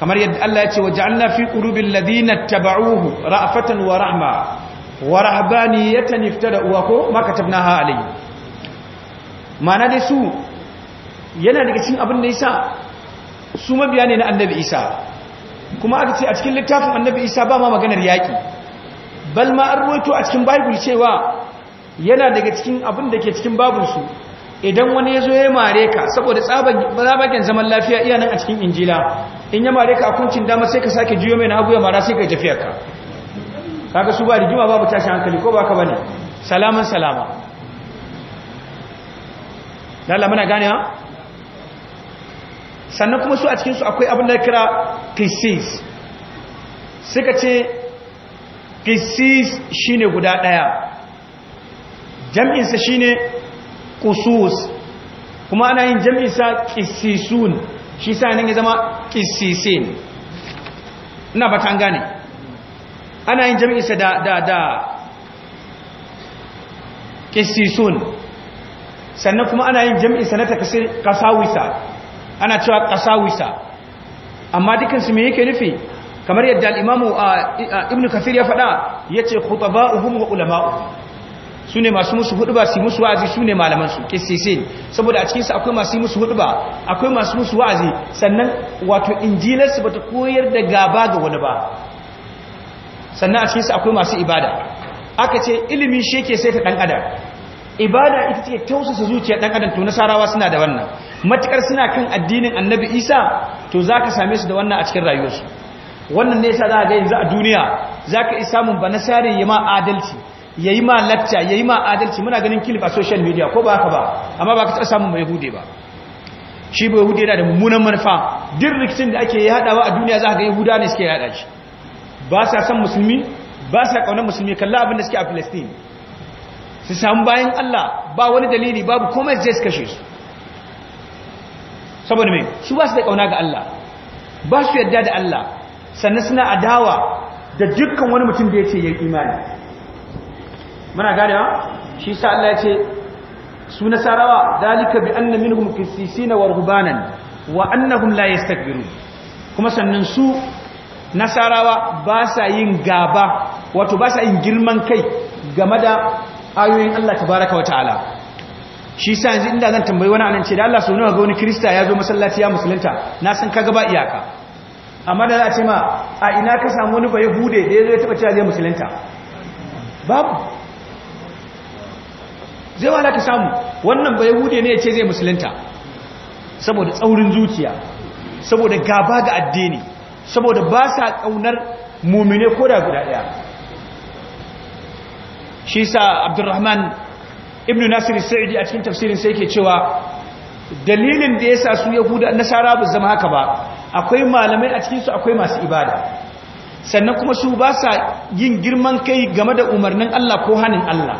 kamar yadda Allah ya ce wa ja'alna fi qulubil ladina tabauhu ra'fatan wa rahma wa rahbaniyatan iftada wa ko ma ha alayhi ma'ana dai su yana daga cikin abin da isa, su mabiya ne na annabi isa kuma aka ce a cikin littafin annabi isa ba ma maganar yaƙi. bal ma an ruwaito a cikin bible cewa yana daga cikin abin da ke cikin babunsu idan wani ya zo ya mare ka saboda tsabagen zaman lafiya iya nan a cikin injila in ya mare ka a kuncin dama sai ka sake juyo mai na hagu ya mara sai ka jafiya ka kaga su ba rigima babu tashin hankali ko baka bane salaman salama lalla muna gane ha sannan kuma su a cikinsu akwai abin da kira krisis suka ce ƙisis shi ne guda ɗaya jam'insa shi ne kuma ana yin jam'insa kisisun shi sa nan ya zama ƙisisin ina ba ta gane ana yin jam'insa da da da ƙisisun sannan kuma ana yin jam'insa na ta ƙasawisa ana cewa ƙasawisa amma su me yake nufi kamar yadda al'imamu ibn kafir ya faɗa ya ce uhun wa ulama’u su ne masu musu hudu ba su musu wa'azi su ne malamansu kisisi saboda a cikinsu akwai masu musu hudu ba akwai masu musu wa'azi sannan wato injilarsu ba ta koyar da gaba ga wani ba sannan a cikinsu akwai masu ibada aka ce ilimin shi sai ta ɗan adam ibada ita ce tausasa zuciya ɗan adam to nasarawa suna da wannan matukar suna kan addinin annabi isa to za ka same su da wannan a cikin rayuwarsu wannan ne sa za ga yanzu a duniya za ka yi samun ba na sare ya ma adalci yayi ma lacca yi ma adalci muna ganin kilif a social media ko ba haka ba amma ba ka samun mai hude ba shi bai hude yana da mummunan manufa duk rikicin da ake yadawa a duniya za ka ga yahuda ne suke yada shi ba sa san musulmi ba sa kaunar musulmi kalla abin da suke a palestine su samu bayan allah ba wani dalili babu komai zai su kashe su saboda mai su ba su da kauna ga allah ba su yarda da allah sannan suna adawa da dukkan wani mutum da ya ce yin imani muna ganewa shi sa Allah ya ce su nasarawa dalika bi anna minhum qissisina wa Annahun wa annahum la yastakbirun kuma sannan su nasarawa ba sa yin gaba wato ba sa yin girman kai game da ayoyin Allah tabaraka wa ta'ala shi sa yanzu inda zan tambayi wani anan ce da Allah su nuna ga wani kirista ya zo masallaci ya musulunta na san kaga ba iyaka amma da za a ce ma a ina ka samu wani bayan hude da ya zo ya taba cewa zai musulunta babu zai wa ka samu wannan bai hude ne ya ce zai musulunta saboda tsaurin zuciya saboda gaba ga addini saboda ba sa kaunar mummune ko da guda ɗaya shi sa abdurrahman ibn nasir sa'idi a cikin tafsirin sai ke cewa dalilin da ya sa su yahuda nasara ba zama haka ba akwai malamai a cikinsu akwai masu ibada sannan kuma su ba sa yin girman kai game da umarnin Allah ko hannun Allah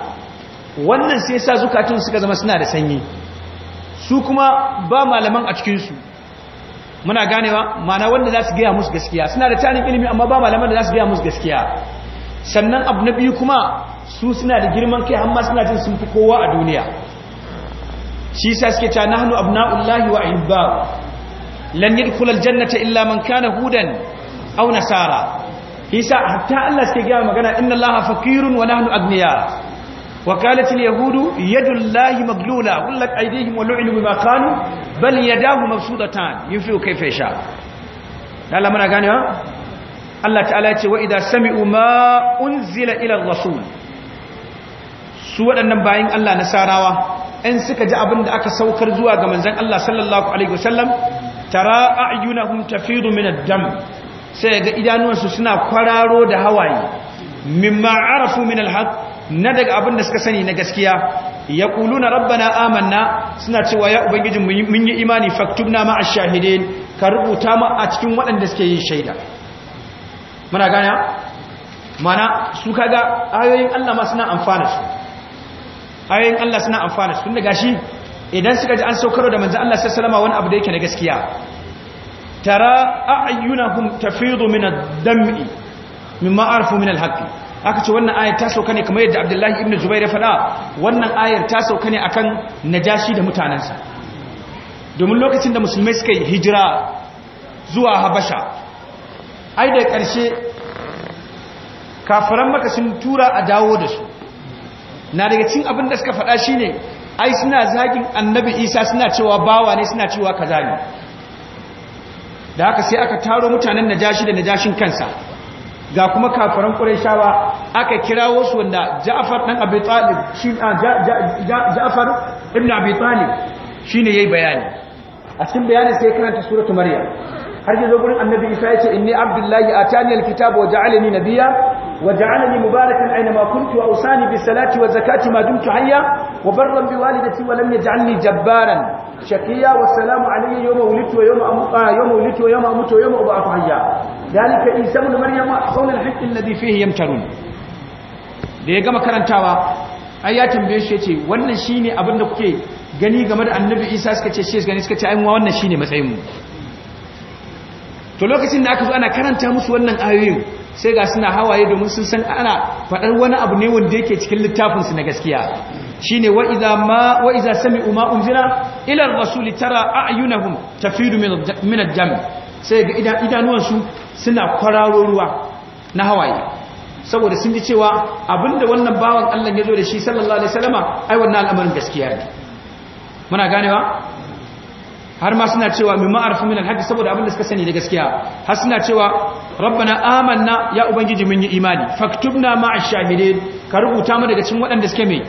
wannan sai sa zukatun suka zama suna da sanyi su kuma ba malaman a cikinsu muna ganewa mana wanda za su gaya musu gaskiya suna da tanin ilimi amma ba malaman da za su gaya musu gaskiya sannan abu na biyu kuma su suna da girman kai amma suna jin sun fi kowa a duniya shi sa suke ta nahnu abna'ullahi wa ahibba'u lan yadkhul aljannata illa man kana hudan aw nasara isa hatta Allah suke ga magana inna allaha faqirun wa nahnu agniya وقالت اليهود يد الله مغلولة غلت أيديهم ولعنوا بما قالوا بل يداه مبسوطتان ينفق كيف يشاء لا منا غاني Allah ta'ala ce wa idan sami'u ma unzila ila rasul su waɗannan bayan Allah nasarawa in suka ji abin da aka saukar zuwa ga manzan Allah sallallahu alaihi wasallam tara a'yunahum hun min dam sai ga idanuwansu suna kwararo da hawaye mimma arafu min al na daga abin da suka sani na gaskiya ya na rabbana amanna suna cewa ya ubangijin mun yi imani faktub ma ma'a shahide ka rubuta mu a cikin waɗanda suke yin shaida muna gana mana su kaga ayoyin Allah ma suna amfana su ayoyin Allah suna amfana su tunda gashi idan suka ji an saukar da manzo Allah sallallahu alaihi wasallam wani abu da yake na gaskiya tara a'yunahum tafidu min ad-dam'i mimma arfu min al aka ce wannan ayar ta sauka ne kamar yadda Abdullahi ibn Zubair ya faɗa wannan ayar ta sauka ne akan najashi da mutanansa domin lokacin da musulmai suka yi hijira zuwa Habasha ai da ƙarshe kafiran maka sun tura a dawo da su na daga cin abin da suka faɗa shi ne ai suna zagin annabi isa suna cewa bawa ne suna cewa kaza ne da haka sai aka taro mutanen najashi da najashin kansa ga kuma kafaran shawa aka kirawo su wanda ja'far ɗan abi shi ja'far ibn bayani a cikin bayani sai karanta suratu maryam har ji zo gurin annabi isa ya in inni abdullahi a taniyar waje wa na biya. وجعلني مباركا أينما كنت وأوصاني بالصلاة والزكاة ما دمت حيا وبرا بوالدتي ولم يجعلني جبارا شقيا والسلام علي يوم ولدت ويوم أموت يوم ولدت ويوم أموت ويوم أبعث حيا ذلك عيسى ابن مريم قول الحق الذي فيه يمترون da ya gama karantawa ai ya tambaye shi yace wannan shine abin da kuke gani game da annabi Isa suka ce shi gani suka ce ai mu wannan shine matsayin mu to lokacin da aka zo ana karanta musu wannan ayoyin sai ga suna hawaye domin sun san ana faɗar wani abu ne wanda yake cikin littafinsu na gaskiya shine wa idza ma wa idza sami'u ma unzila ila ar-rasuli tara a'yunahum tafidu min ad-dam sai ga idanuwansu suna kwararo ruwa na hawaye saboda sun ji cewa abinda wannan bawan Allah ya zo da shi sallallahu alaihi wasallama ai wannan al'amarin gaskiya ne muna ganewa har ma suna cewa mimma arfu min alhaqi saboda abin da suka sani da gaskiya har suna cewa rabbana amanna ya ubangiji mun yi imani faktubna ma'ash shahidin ka rubuta mu daga cikin waɗanda suke mai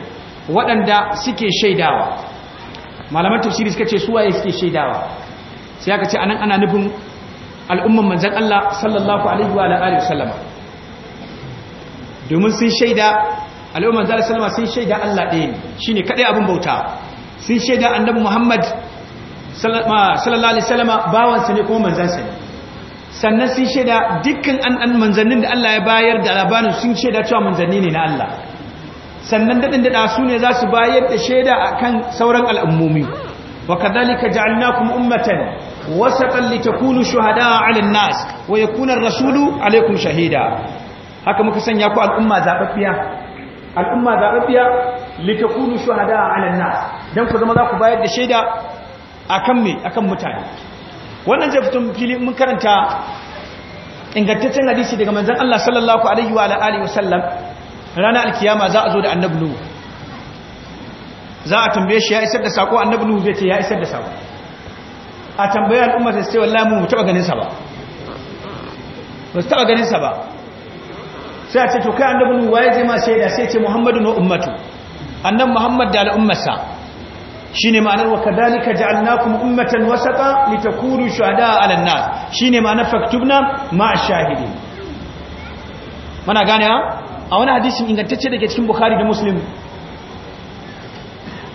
waɗanda suke shaidawa malaman tafsiri suka ce su waye suke shaidawa sai aka ce anan ana nufin al'umman manzon Allah sallallahu alaihi wa alihi wasallama domin sun shaida al'umman manzon Allah sun shaida Allah ɗaya ne shine kadai abin bauta sun shaida annabi Muhammad sallallahu alaihi wasallam bawansa ne kuma manzansa ne sannan sun shaida dukkan an manzannin da Allah ya bayar da labarin sun shaida cewa manzanni ne na Allah sannan dadin da su ne za su bayar da shaida akan sauran al'ummomi wa kadhalika ja'alnakum ummatan wasatan litakunu shuhada'a 'alan nas wa yakuna ar-rasulu 'alaykum shahida haka muka sanya ku al'umma zababbiya al'umma zababbiya litakunu shuhada'a 'alan nas dan ku zama za ku bayar da shaida akan me akan mutane wannan zai fito fili mun karanta ingantaccen hadisi daga manzon Allah sallallahu alaihi wa alihi wasallam ranar alkiyama za a zo da annabnu nuhu za a tambaye shi ya isar da sako annabi nuhu zai ce ya isar da sako a tambaye al'umma sai ce wallahi mu taba ganin sa ba ba su taba ganin sa ba sai a ce to kai annabnu nuhu waye zai ma shaida sai ce muhammadu na ummatu annan muhammad da al'ummarsa shine ma'anar wa kadhalika ja'alnakum ummatan wasata litakunu shuhada'a 'alan nas shine ma'anar faktubna ma'a shahidin mana gane a wani hadisin ingantacce dake cikin bukhari da muslim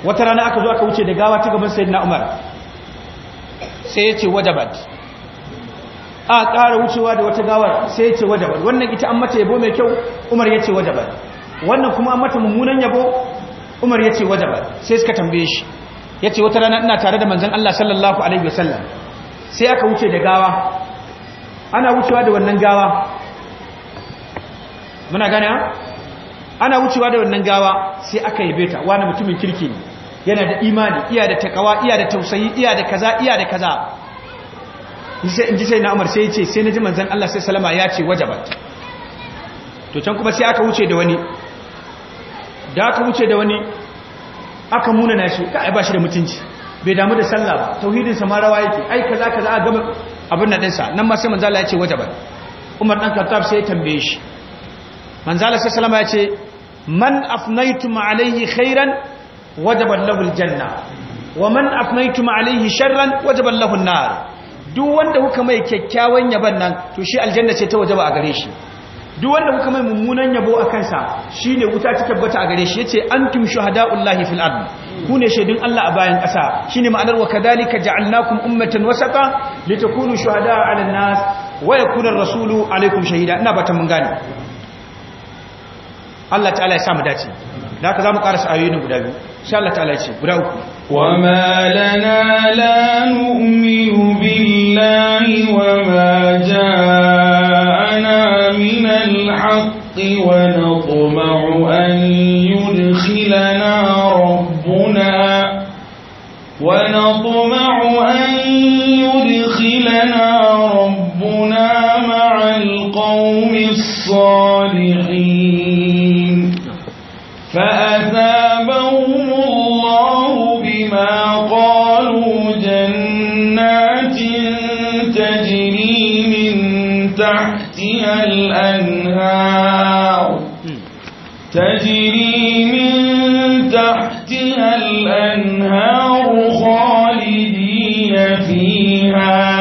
wata rana aka zo aka wuce da gawa ta gaban sayyidina umar sai ya ce wajabat a ƙara wucewa da wata gawar sai ya ce wajabat wannan ita an mata yabo mai kyau umar ya ce wajabat wannan kuma an mata mummunan yabo umar ya ce wajabat sai suka tambaye shi yace wata rana ina tare da manzan Allah sallallahu alaihi wasallam sai aka wuce da gawa ana wucewa da wannan gawa muna gane ana wucewa da wannan gawa sai aka yabe ta wani mutumin kirki ne yana da imani iya da takawa iya da tausayi iya da kaza iya da kaza in ji sai na umar sai ya ce sai na ji manzan Allah sai salama ya ce wajabat to can kuma sai aka wuce da wani da aka wuce da wani aka muna na shi ka ba shi da mutunci bai damu da sallah ba tauhidin sa ma rawa yake ai za kaza a gaba abin na ɗinsa nan ma sai Manzala ya ce ba Umar ɗan kattab sai ya tambaye shi Manzala sai salama ya ce man afnaitu ma'alaihi khairan ba lahul janna. wa man afnaitu ma'alaihi sharran waje ba lahul nar duk wanda kuka mai kyakkyawan yaban nan to shi aljanna ce ta ba a gare shi duk wanda kuka mai mummunan yabo a kansa shi ne wuta ta tabbata a gare shi yace antum shuhada'ullahi fil ard ku ne shaidun Allah a bayan ƙasa shine ma'anar wa kadhalika ja'alnakum ummatan wasata litakunu shuhada'a 'alan nas wa yakuna kunan rasulu alaikum shahida ina bata mun gane Allah ta'ala ya sa mu dace da haka zamu karasa ayoyin guda biyu insha Allah ta'ala ya ce guda uku وما لنا لا نؤمن بالله وما جاءنا الحق ونطمع أن يدخلنا ربنا ونطمع أن يدخلنا ربنا مع القوم الصالحين فأ النار خالدين فيها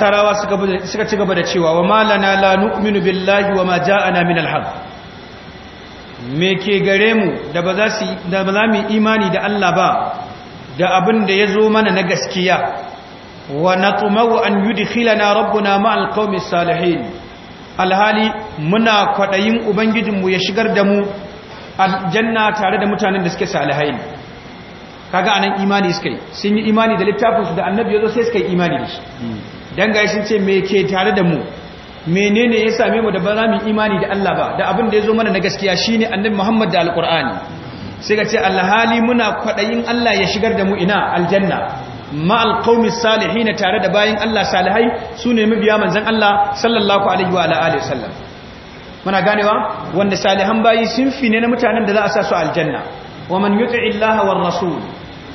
nasarawa suka ci gaba da cewa wa malana la nu'minu billahi wa ma ja'ana min alhaq me ke gare mu da ba za su da ba za mu imani da Allah ba da abin da yazo mana na gaskiya wa natmau an yudkhilana rabbuna ma'al qaumis salihin alhali muna kwadayin mu ya shigar da mu aljanna tare da mutanen da suke salihai kaga anan imani suka yi sun yi imani da littafinsu da annabi yazo sai suka yi imani da shi hmm. dan gashi sun ce me ke tare da mu menene ya same mu da ba za mu imani da Allah ba da abin da ya zo mana na gaskiya shine annabi Muhammad da alqur'ani sai ka ce alhali muna kwadayin Allah ya shigar da mu ina aljanna ma alqaumis salihin tare da bayin Allah salihai sune mabiya manzon Allah sallallahu alaihi wa alihi wasallam muna ganewa wanda salihan bayi sun fi ne na mutanen da za a sa su aljanna wa man yuti'i Allah war rasul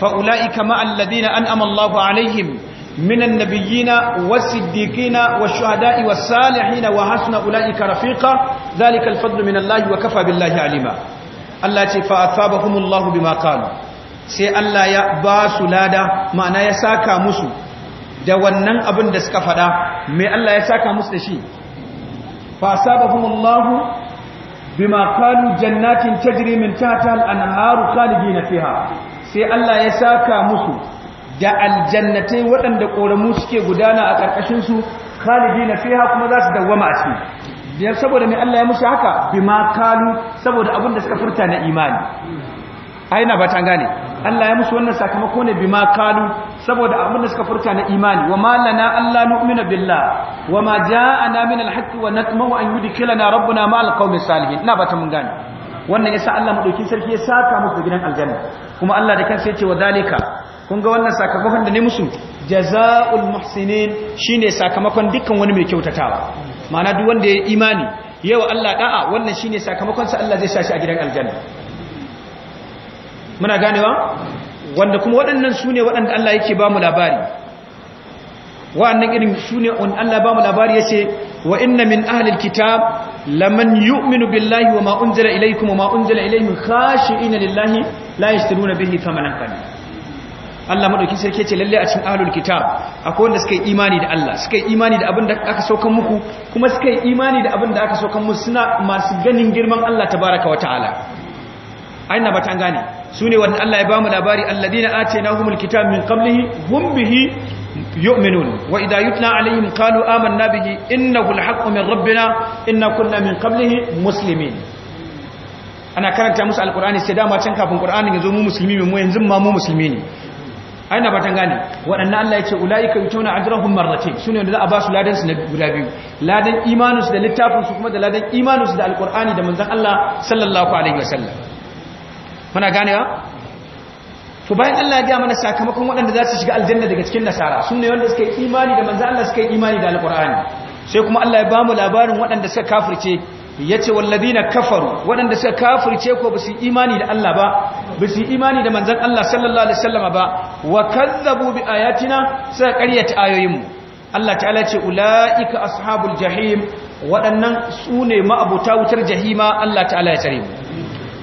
fa ulaika ma alladhina an'ama Allahu alaihim من النبيين والصديقين والشهداء والصالحين وحسن أولئك رفيقا ذلك الفضل من الله وكفى بالله عليما الله فأثابهم الله بما قالوا sai Allah ya ba su lada ma'ana ya saka musu da wannan abin da suka faɗa. mai Allah ya saka musu da shi fa sabahumullahu bima qalu jannatin tajri min tahtiha al-anharu khalidina fiha sai Allah ya saka musu da aljannatai waɗanda ƙoramu suke gudana a ƙarƙashinsu khalidi na fiha kuma za su dawwama a ciki da saboda mai Allah ya musu haka bi ma kalu saboda abin da suka furta na imani aina ba ta gane Allah ya musu wannan sakamako ne bi ma kalu saboda abin da suka furta na imani wa malana Allah nu'minu billah wa ma ja'ana min al-haqqi wa natma'u an yudkhilana rabbuna ma al-qaumi salihin ina ba ta mun gane wannan yasa Allah madaukin sarki ya saka musu gidan aljanna kuma Allah da kansa ya ce wa dalika kun ga wannan sakamakon da ne musu jaza'ul muhsinin shine sakamakon dukkan wani mai kyautatawa ma'ana duk wanda ya imani yau Allah da'a wannan shine sakamakon sa Allah zai sa shi a gidan aljanna muna ganewa wanda kuma waɗannan sune waɗanda Allah yake ba mu labari wa'annan irin sune on Allah ba mu labari yace wa inna min ahlil kitab laman yu'minu billahi wa ma unzila ilaykum wa ma unzila ilayhim khashi'ina lillahi la yashtaruna bihi thamanan qalila Allah maɗauki sai ke ce lalle a cikin ahlul kitab akwai wanda suka yi imani da Allah suka yi imani da abin da aka saukan muku kuma suka yi imani da abin da aka saukan musu suna masu ganin girman Allah tabaraka wa ta'ala aina ba ta gane sune wanda Allah ya bamu labari alladina atainahumul kitab min qablihi hum bihi yu'minun wa idha yutla alaihim qalu amanna bihi innahu alhaqqu min rabbina inna kunna min qablihi muslimin ana karanta musu alqur'ani sai dama can kafin qur'anin yazo mu musulmi mu yanzu ma mu musulmi ne aina ba tan gane waɗannan Allah ya ce ulaika yutuna ajrahum marratayn shine wanda za a ba su ladan su na guda biyu ladan imanus da littafin kuma da ladan imanus da alqur'ani da manzon Allah sallallahu alaihi wasallam muna ganewa to bayan Allah ya ga mana sakamakon waɗanda za su shiga aljanna daga cikin nasara sunne wanda suka yi imani da manzon Allah suka yi imani da alqur'ani sai kuma Allah ya ba mu labarin waɗanda suka kafirce yace na kafaru waɗanda suka kafirce ko basu imani da Allah ba basu imani da manzon Allah sallallahu alaihi sallama ba wa kazzabu bi ayatina suka ƙaryata ayoyinmu Allah ta'ala ce ulaika ashabul jahim waɗannan sune ma'abuta wutar jahima Allah ta'ala ya tsare mu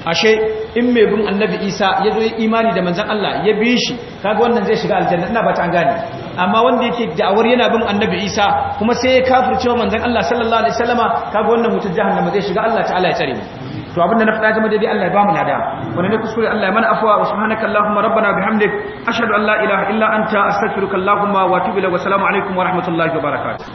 ashe in mai bin annabi Isa ya zo imani da manzan Allah ya bi shi kaga wannan zai shiga aljanna ina ba ta an gane amma wanda yake da'awar yana bin annabi isa kuma sai ya kafircewa manzan Allah sallallahu alaihi wasallama kaga wannan mutum jahannama zai shiga Allah ta'ala ya tsare mu to abinda na faɗa game da dai Allah ya ba mu lada wani ne kuskure Allah ya mana afwa wa subhanaka allahumma rabbana bihamdik ashhadu an la ilaha illa anta astaghfiruka allahumma wa atubu ilaik wa assalamu alaikum wa rahmatullahi wa barakatuh